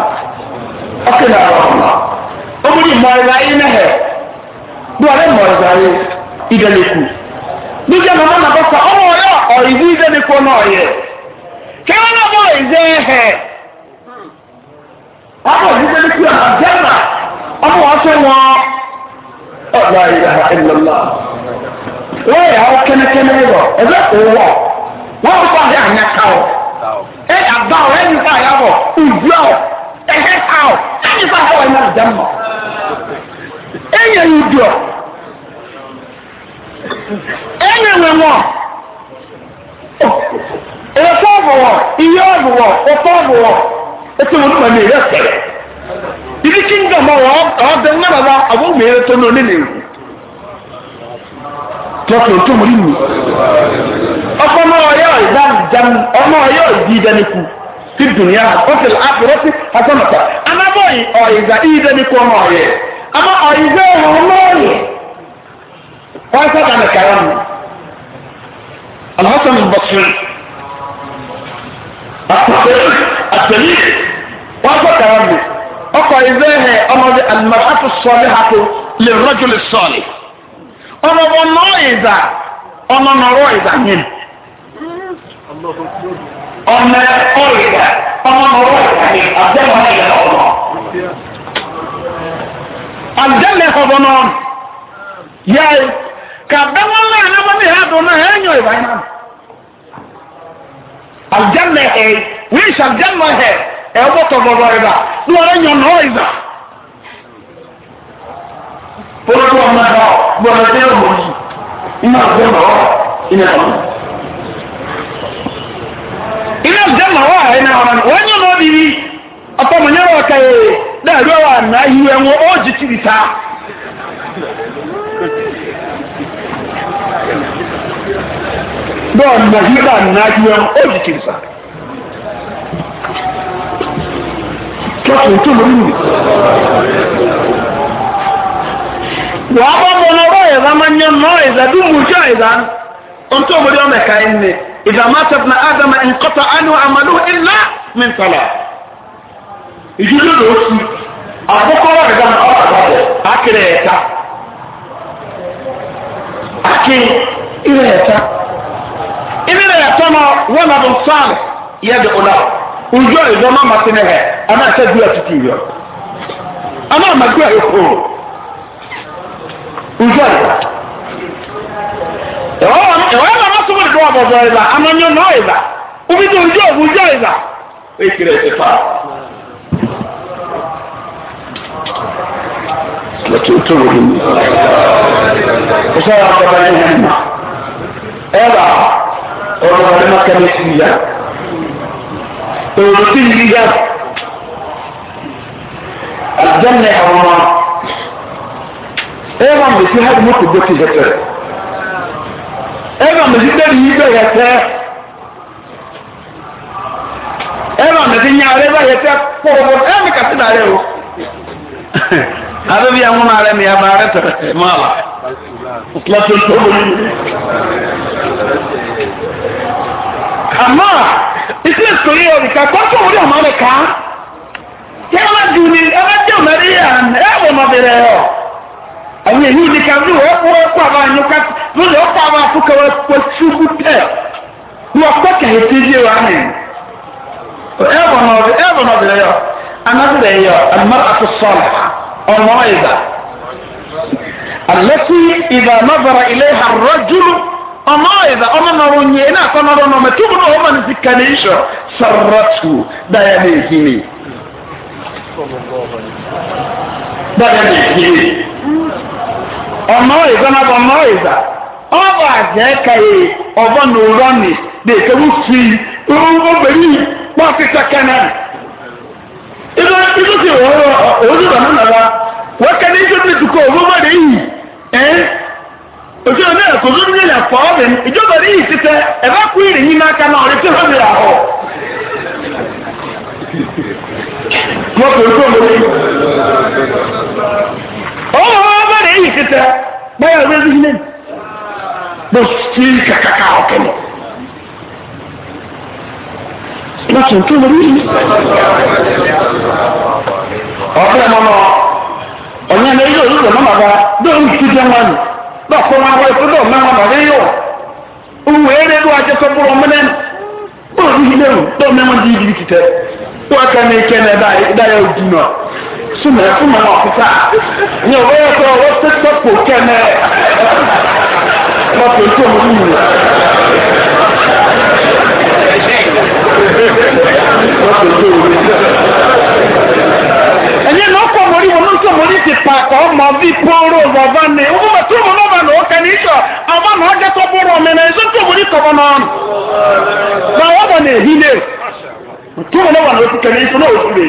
ọkè náà lọ ọmọ ọmọdé mọlẹlá yìí nẹhẹ bí wọn lè mọlẹlá yìí ìdẹlẹkù níjẹ nàmọ nàbọ sọ ọmọ ọyọ ọyìnbí ìdẹlẹkù náà yẹ kẹwọn náà bọ ìdẹ ẹhẹ ọmọ ìdẹlẹkù ọmọ jẹrà ọmọ wọn sọ wọn ọ̀la ìlànà ìlànà. wọ́n yà ọ́ kẹ́nẹ́kẹ́nẹ́ lọ ẹ̀fẹ́ kò wọ̀ wọ́n bá yà á nyàká ọ̀ ẹ̀ àbá ọ̀ ẹ̀yìn bá yà bọ̀ ùdú ọ̀ ẹ̀hẹ́ ká ọ̀ ẹ̀yìn bá yà ọ̀ ẹ̀yìn àdá mọ̀ ẹ̀yìn ùdú ọ̀ ẹ̀yìn wẹ̀wọ̀ ẹ̀fọ́ bọ̀ wọ̀ iye ọ̀bù wọ̀ ọ̀fọ́ ibi kingdom ọwọ ọdẹ ńlábàbà àwọn mèrè tó lọ nílé tọkùn tó múlí mi ọkọ náà ọyọ ìdájàm ọmọ ọyọ ìdídẹniku ti dùnìyà ọtí àpòrọtì àtọmọta anábọ ọyìnbá ìdídẹniku ọmọ ọyẹ ama ọyìnbá ọhún lọọyẹ wọn sábà nìkàrà mi alhassan basiri àtẹlẹ àtẹlẹ wọn sábà nìkàrà mi ọkọ̀ ìwé ẹ̀ ọmọdé alimọ̀tàtò sọ̀lẹ̀ hàtó lè rọ́jòlè sọ̀lẹ̀ ọmọbọ náà ìzà ọmọ nọrọ ìzà yẹn ọmọ ẹ̀kọ́ ìzà ọmọ nọrọ ìzà yẹn àbẹ́wọ̀n ìyá ọmọ. àbẹ́wọ̀n ìyá ọmọ náà yẹ kàbẹ́wọ̀n náà ní wọ́n ní ìhàdùn náà ẹ̀ ń yọ ìbáyìí náà. àbẹ́wọ̀n ẹ̀ wíṣ àbẹ́wọ̀n ẹ̀ ɛbɔtɔ bɔbɔreba ne wɔre nyɔ nɔɔyiza polotu ɔmɔ ɛdɔ bɔlɔdé ɔmɔ yi ina zɛ ma wɔ ina ɔmɔ ina zɛ ma wɔ a ina ɔmɔ wɔn nyɛ ma ɔdi yi ɔtɔmɔ nyɛ wɔ kɛyɛ dɛɛdɔ wɔ ana yiwɛ ŋɔ ɔdzi ti di saa. Dɔw na yi la na yiwɛ ŋɔ ɔdzi ti di saa. tọ́tù tó lórí mi. wàá bá bọ̀ náà ọ̀rọ̀ ìyàrá máa ń yẹ mọ́ ìzà dùnmù jọ ìzà ohun tó mọ̀ ní ọmọ ẹ̀ka yẹn ni ìzà máa tẹ̀sán ádámà ìkọ́tà ánú àmàlú ìlà mi ń tọ́lá. ìdílé ló fi àkókò rẹ̀ dá ọ̀rọ̀ àbábọ̀ àkèrè ẹ̀ta àkèrè ìrẹ̀ ẹ̀ta ìrẹ̀ ẹ̀ta náà wọ́n nàbọ̀ sáà yẹ́ ojú ẹ̀dọ́ máa máa tẹ́lẹ̀ hẹ̀ ọmọ ẹ̀sẹ̀ bí ẹ̀ tutù yọ ọmọ ọmọ bí ẹ̀ kó ojú ẹ̀dọ́ ẹ̀wọ́ ẹ̀wọ́ máa tó wọlé bọ́ọ̀ bọ̀bọ̀ ẹ̀dà amanyọ náà ẹ̀dà omi tó ojú ẹ̀dọ́ ojú ẹ̀dà ekele ẹ̀sẹ̀ pa. Lọ́tí o tó wò ló ń bọ̀. Ó sọ̀rọ̀ àgbàdo ẹ̀yìn ẹ̀dà ọ̀rọ̀ ọ̀rẹ́ máa kẹ́lẹ́ sí ìyá òwò tí ń yíyá àjẹmẹ àwọn ọmọ ẹ wà mẹsì hàbí mọtò gbòkè hẹtẹ ẹ wà mẹsì tẹbi yí bẹ hẹtẹ ẹ wà mẹsì nyàrá bẹ hẹtẹ pọwọ ẹ mi kàtí dàrẹ o abẹ bi àwọn ọmọ rẹ mi abẹ rẹ tẹrẹ mọ àlà lọsọ tó wọlé àmọ isi esori ọrika kọtọ wuli ọmọ mi ka yẹ ọmọ ju ni ọmọ jẹ ọmọ ri ya ẹ wọ ọmọ bẹrẹ yọ àwọn èyí ni ká ló wọ ọkọ ọkọ àbá ẹni ká ló lọ ọkọ àbá àtúkọ ọkọ ṣubú tẹ ní ọkọ kẹhìn tí yé wa ni ẹ wọ ọmọ ẹ wọ ọmọ bẹrẹ yọ anabi bẹrẹ yọ alimọri ato sọlá ọmọ ìgbà alẹ́ sí ìgbà náà bọ̀rọ̀ ilé ha ọmọ ìdá ọmọ nọrọ nye ẹ náà kọ nọrọ nọ mẹ tóbi náà ọmọ nìsí kàníṣọ sàrọtù dáyà ní ìhìnì. dáyà ní ìhìnì. ọmọ ìdá náà ọmọ ìdá ọba àjẹ́ kàyé ọba nìrọ̀ ni dèkè wù fi ọmọ bẹ̀rẹ̀ pọ́ọ̀sì sàkánná. ibi ibi sì wọ́n ọ̀hún ọ̀hún ọ̀hún ọ̀hún ọ̀hún wọ́n kẹ́ ní ìjọba ìtukọ̀ ọ̀hún ọ̀hún ọ̀hún òtí ọ̀nà ẹ̀kọ́ tó ní ilẹ̀ pọ̀ ọ̀rẹ́ ìjọba rí yìí títẹ ẹ̀fẹ́ kú ìrìn yín máa ka náà ọ̀rẹ́ tí wọ́n bìrà họ. wọ́n kò tó lórí. ọ̀hún wọn bá rẹ̀ yìí títẹ báyọ̀ ọ̀rẹ́ rí nílẹ̀ bó sí kàkàkà ọ̀kẹ́lẹ̀. láti tó lórí. ọ̀kẹ́lẹ̀ mọ́nà ọ̀nyẹ́ ní ilé mọ́nà bá dóòlù ti dẹ́ wọn nù dɔkɔnɔ awɔ ɛfu dɔ mɛ ɔmɔ bi yɔ owu ere do adzɔ sɔ kpɔrɔ mɛnɛ olu yi lɛ o dɔ mɛ wɔn di ibi titɛ tó aka ne kɛ ne da da yɛ o dunu a sumɛ sumɛ na ɔkuta nyɛ o yɛ sɔ o sɛ sɔkpo kɛ mɛ sɔkpo tó o mu yi sɔkpo tó o mu yi ɛnyɛ n'ɔkɔ muri ti pàkọ́ mọ bí pọ́nrọ́ bàbá mi wọ́n bá túbọ̀ náà bá lọ́wọ́ kẹ́ni ìṣọ̀ àwọn náà jẹ́ tó bọ́rọ̀ mi náà èso tó muri kọ̀ọ̀bọ̀ náà nù báwọ̀ bọ̀ ní èyí lé túbọ̀ náà wà lọ́wọ́ ti kẹ́ni ìṣọ̀ náà òkú lé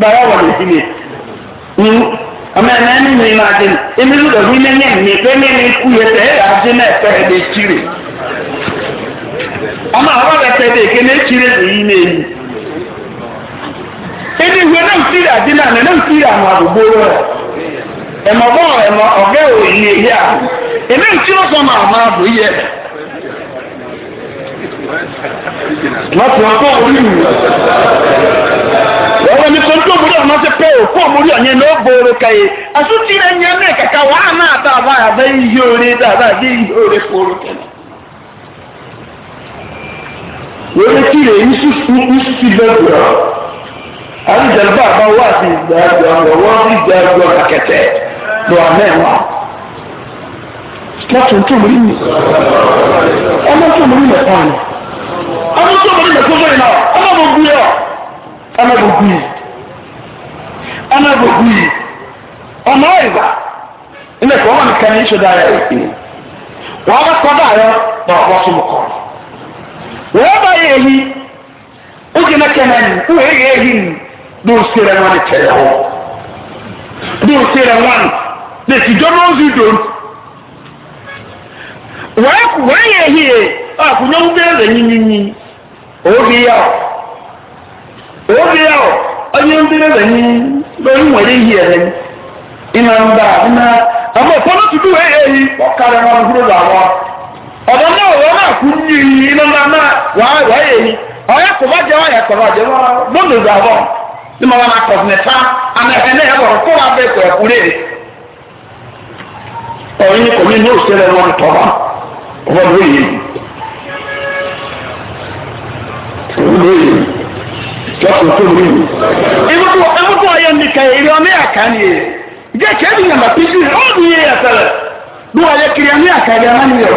báwọ̀ bọ̀ ní èyí lé ọmọ ẹ̀ náà nínú ìmọ̀ àdé mi ní ilé yẹn mi pé mi ní ikú yẹn lè tirè ọmọ àwọn ọ̀rẹ́ tẹ̀ nsiri adi na ne nam siri ano agogo rẹ ẹmọ bọ ẹmọ ọgẹ òyìn èyí a ẹmẹ nsí ọsọ máa ma bò yẹ láti wọn kọ orí mi wọ́n mi kọ́ńtò òmùdí ọ̀nà ti pẹ́ òkú òmùdí ọ̀nyẹ́ ní ó gbòòrò kàyé àsùtì rẹ̀ ń yẹn ní kàkà wàá náà tá a bá yà bẹ́ yí orí dáadáa bí yí orí kóró kẹ́lẹ́. wọ́n ti rẹ̀ yí sí sí sí bẹ́ẹ̀ gbọ́dọ̀ àríjẹ̀lbá bá wà sí ìgbà àjọ ọ̀rọ̀ wọ́n sì gbà àjọ kàkẹ́tẹ̀ lọ àmẹ́wà. Lọ́tún tó mú nínú. Ọmọ tó mú nínú ẹ̀kọ́ ni. Ọmọ tó mú nínú ẹ̀kọ́ bẹ́ẹ̀ náà. Ọmọ bò gùn yọ. Ọmọ bò gùn yìí. Ọmọ bò gùn yìí. Ọmọ ìgbà. Ilé ẹ̀kọ́ wọn kàn ní Wọ́n bá kọ́ dà yọ náà wọ́n tún kọ́. Wọ́n bá yẹ èyí. Ó jẹ́ mẹ́kẹ́ náà Ó yẹ èyí nù. dosere nwanne kyerɛ hɔ dosere nwanne na ti dɔm nzu dom wɔaku a kunyamu bɛyɛ lɛ nyinyinyi obi yɛ o ya yɛ o ɔyɛ bi lɛ nyinyinyi lɔri wɔyɛ hie lɛ ina mba ina ama wɔ na ní ma wà nà kọ̀sìnẹ̀tà ànàfẹ́ náà yẹ bọ̀rọ̀ kó wà bẹ́ẹ̀ kọ̀ ẹ̀kúrẹ́ ọ̀yin kò ní ní òṣèlè wọn tọ́ba wọ́n ló yẹ wọ́n ló yẹ jọ́sọ̀ tó lóyè. ìmúkú ìmúkú ọ̀yọ́ nìkan èrè ọmọ yà kàn yìí jẹ́ kẹ́mi yàrá píjú rẹ̀ ọ́n yẹ yà sẹ́lẹ̀ bí wọ́n yẹ kiri ọmọ yà kàn yà máa ń yọ.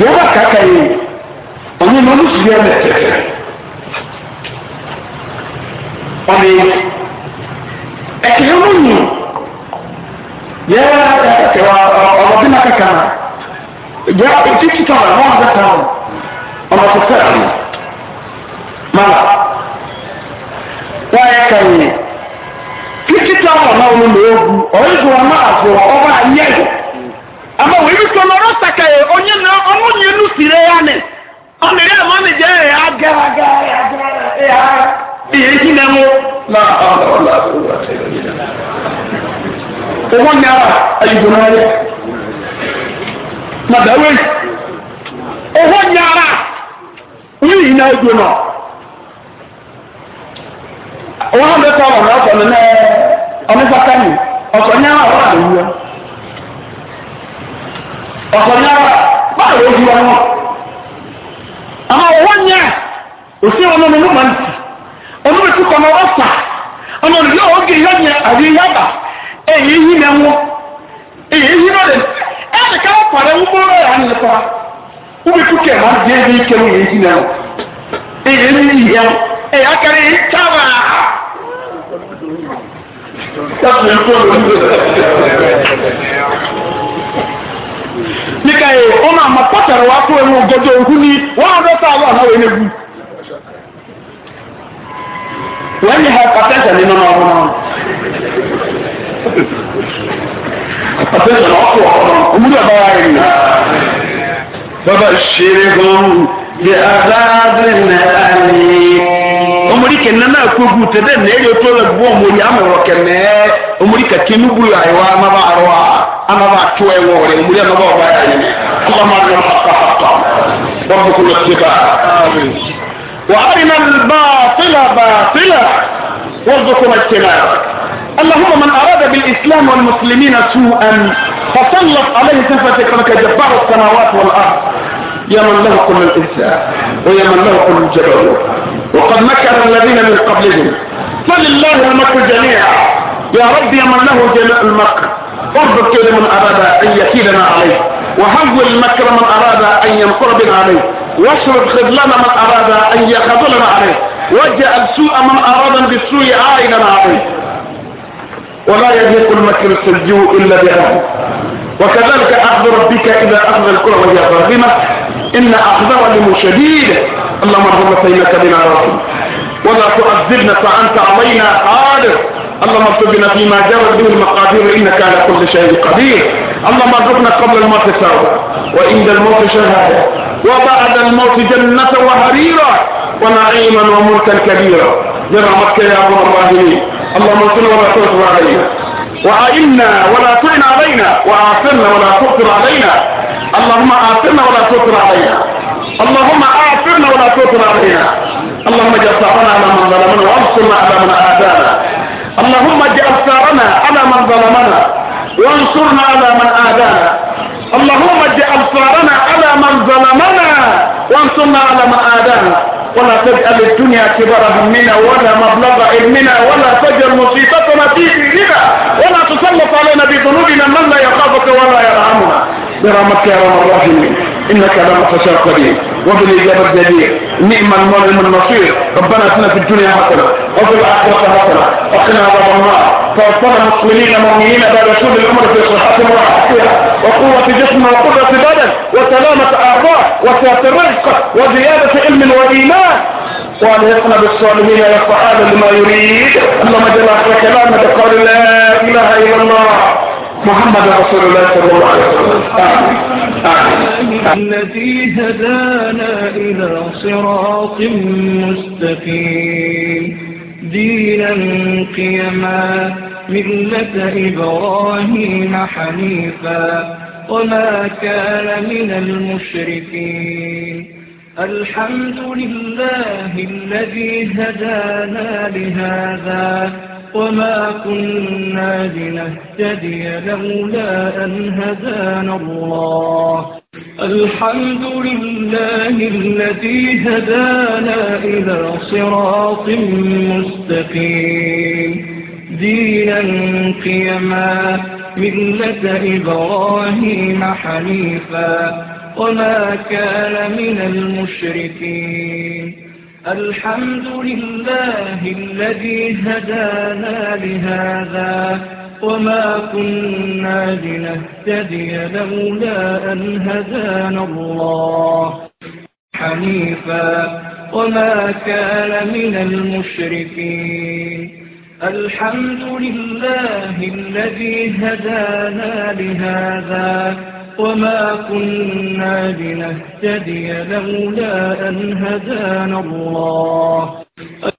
yẹ́n bá kàkà yìí ọ̀yin ló ń sùn yẹn mẹ́tẹ̀ẹ̀tẹ̀ ọmọye ẹkẹ yẹn wọn nù yẹ ẹkẹ wa ọmọ bí náà kẹkẹ náà yẹ etí títà náà wọn bẹ tà wọn ọmọ tẹtẹ ẹnu mọlá wọn yẹ kẹyìn títí tà wọn náà wọn lè egu ọyẹ sọ wọn náà sọ wọn ọba ayé yẹ àmọ wọn ebi sọ lọrọ sàkà yẹ ọnyẹ náà ọmọ yẹn nù sílẹ yá ni ọmọ yẹn mọ ni jẹ ẹ yà gẹrẹ gẹrẹ yà gẹrẹ yà èyí kí lẹ́ mú náà àwọn ọ̀la ọ̀la owó nyara ayùbò náà yẹ màdàwé owó nyara wíyì náà gbé náà owó náà bẹ tọ́ ọ̀nà ọ̀sán nínú ọ̀nìfàkà mi ọ̀sán nyara wà lóyún ẹ ọ̀sán nyara báwo ló yí wọn. àmọ́ owó nyà òsì wọn nínú mọ̀ nítì ɛmu ti kɔnɔ ɔfa ɔmɔ ni yɔ oge yɔ nyɛ adi yaba eyi eyi na ɛwɔ eyi eyi na ɔdɛ ɛdi ka ɔkpara ɛwu bɔrɔ yɛ ani nipa ubi tu kɛ ɛmu di ebi ike mu eyi na ɛwɔ eyi eyi yi yɛ eyi akara eyi taba nika ye ɔna ma pɔtɛrɛ wa ko ɛmu gɔdɔ ohuni wɔn adɔ ta awɔ anawo enegu wọ́n yẹ ha pàtẹ́sẹ̀ nínú náà ọ̀hún náà pàtẹ́sẹ̀ náà ọ̀kọ̀ ọ̀hún ọmọdé ọ̀bá wa rìn nà. bàbá ṣeré gan bí adáàbí nàní. ọmọdé kẹ̀nẹ́ náà kó gùn tẹ̀dẹ̀ nẹ́ẹ̀rì tó lọ gbọ́ ọmọ yìí àmọ̀rọ̀ kẹ̀mẹ́ ọmọdé kẹ̀kẹ́ níbu àyẹ̀wò amábà àrọ̀ amábà tó ẹ̀wọ̀ rẹ̀ ọmọdé àmọ́bà ọ̀bá yà وارنا الباطل باطلا وارزقنا اجتنابه اللهم من اراد بالاسلام والمسلمين سوءا فسلط عليه سفة كرمك جبار السماوات والارض يا من له كل الانسان ويا من له كل الجبروت وقد مكر الذين من قبلهم فلله المكر جميعا يا رب يا من له جميع المكر اربط كل من اراد ان يكيدنا عليه وهول مكر من أراد أن يمكر عليه واشرب خذلان من أراد أن يخذلنا عليه واجعل سوء من أراد بالسوء عائدا عليه ولا يليق المكر السجوء إلا بأهله وكذلك أخذ ربك إذا أخذ الكرة وهي فاطمه إن أخذها لم شديد اللهم ارحمنا سيدنا بنا رسول ولا تؤذبنا فأنت علينا قادر اللهم اكتبنا فيما جرت به المقادير انك على كل شيء قدير اللهم ارزقنا قبل الموت ثوبه وعند الموت شهاده وبعد الموت جنه وحريرا ونعيما وملكا كبيرا برحمتك يا رب الراحمين اللهم صل ولا تغفر علينا وأئنا ولا تعن علينا وآثرنا ولا تغفر علينا اللهم آثرنا ولا تغفر علينا اللهم آثرنا ولا تغفر علينا اللهم اجعل صعبنا على من ظلمنا وانصرنا على من آذانا اللهم اجعل ثارنا على من ظلمنا وانصرنا على من آذانا اللهم اجعل ثارنا على من ظلمنا وانصرنا على من آذانا ولا تجعل الدنيا كبر همنا ولا مبلغ علمنا ولا تجعل مصيبتنا في ديننا ولا تسلط علينا بذنوبنا من لا يخافك ولا يرحمنا برحمتك يا رب الراحمين إنك على كل قدير وفي وبالإجابة الجدير نعم المولى النصير ربنا اتنا في الدنيا حسنة وفي الآخرة حسنة وقنا عذاب النار فأصبح مسلمين مؤمنين بعد طول الأمر في صحة وعافية وقوة جسم وقدرة بدن وسلامة أعضاء وسعة رزق وزيادة علم وإيمان وأن والحقنا بالصالحين يا صحابة لما يريد اللهم جل اخر كلامك قال لا اله الا الله محمد رسول الله صلى الله عليه وسلم آمين. الذي هدانا إلى صراط مستقيم دينا قيما ملة إبراهيم حنيفا وما كان من المشركين الحمد لله الذي هدانا لهذا وما كنا لنهتدي لولا أن هدانا الله الحمد لله الذي هدانا إلى صراط مستقيم دينا قيما ملة إبراهيم حنيفا وما كان من المشركين الحمد لله الذي هدانا لهذا وما كنا لنهتدي لولا أن هدانا الله حنيفا وما كان من المشركين الحمد لله الذي هدانا لهذا وما كنا لنهتدي لولا أن هدانا الله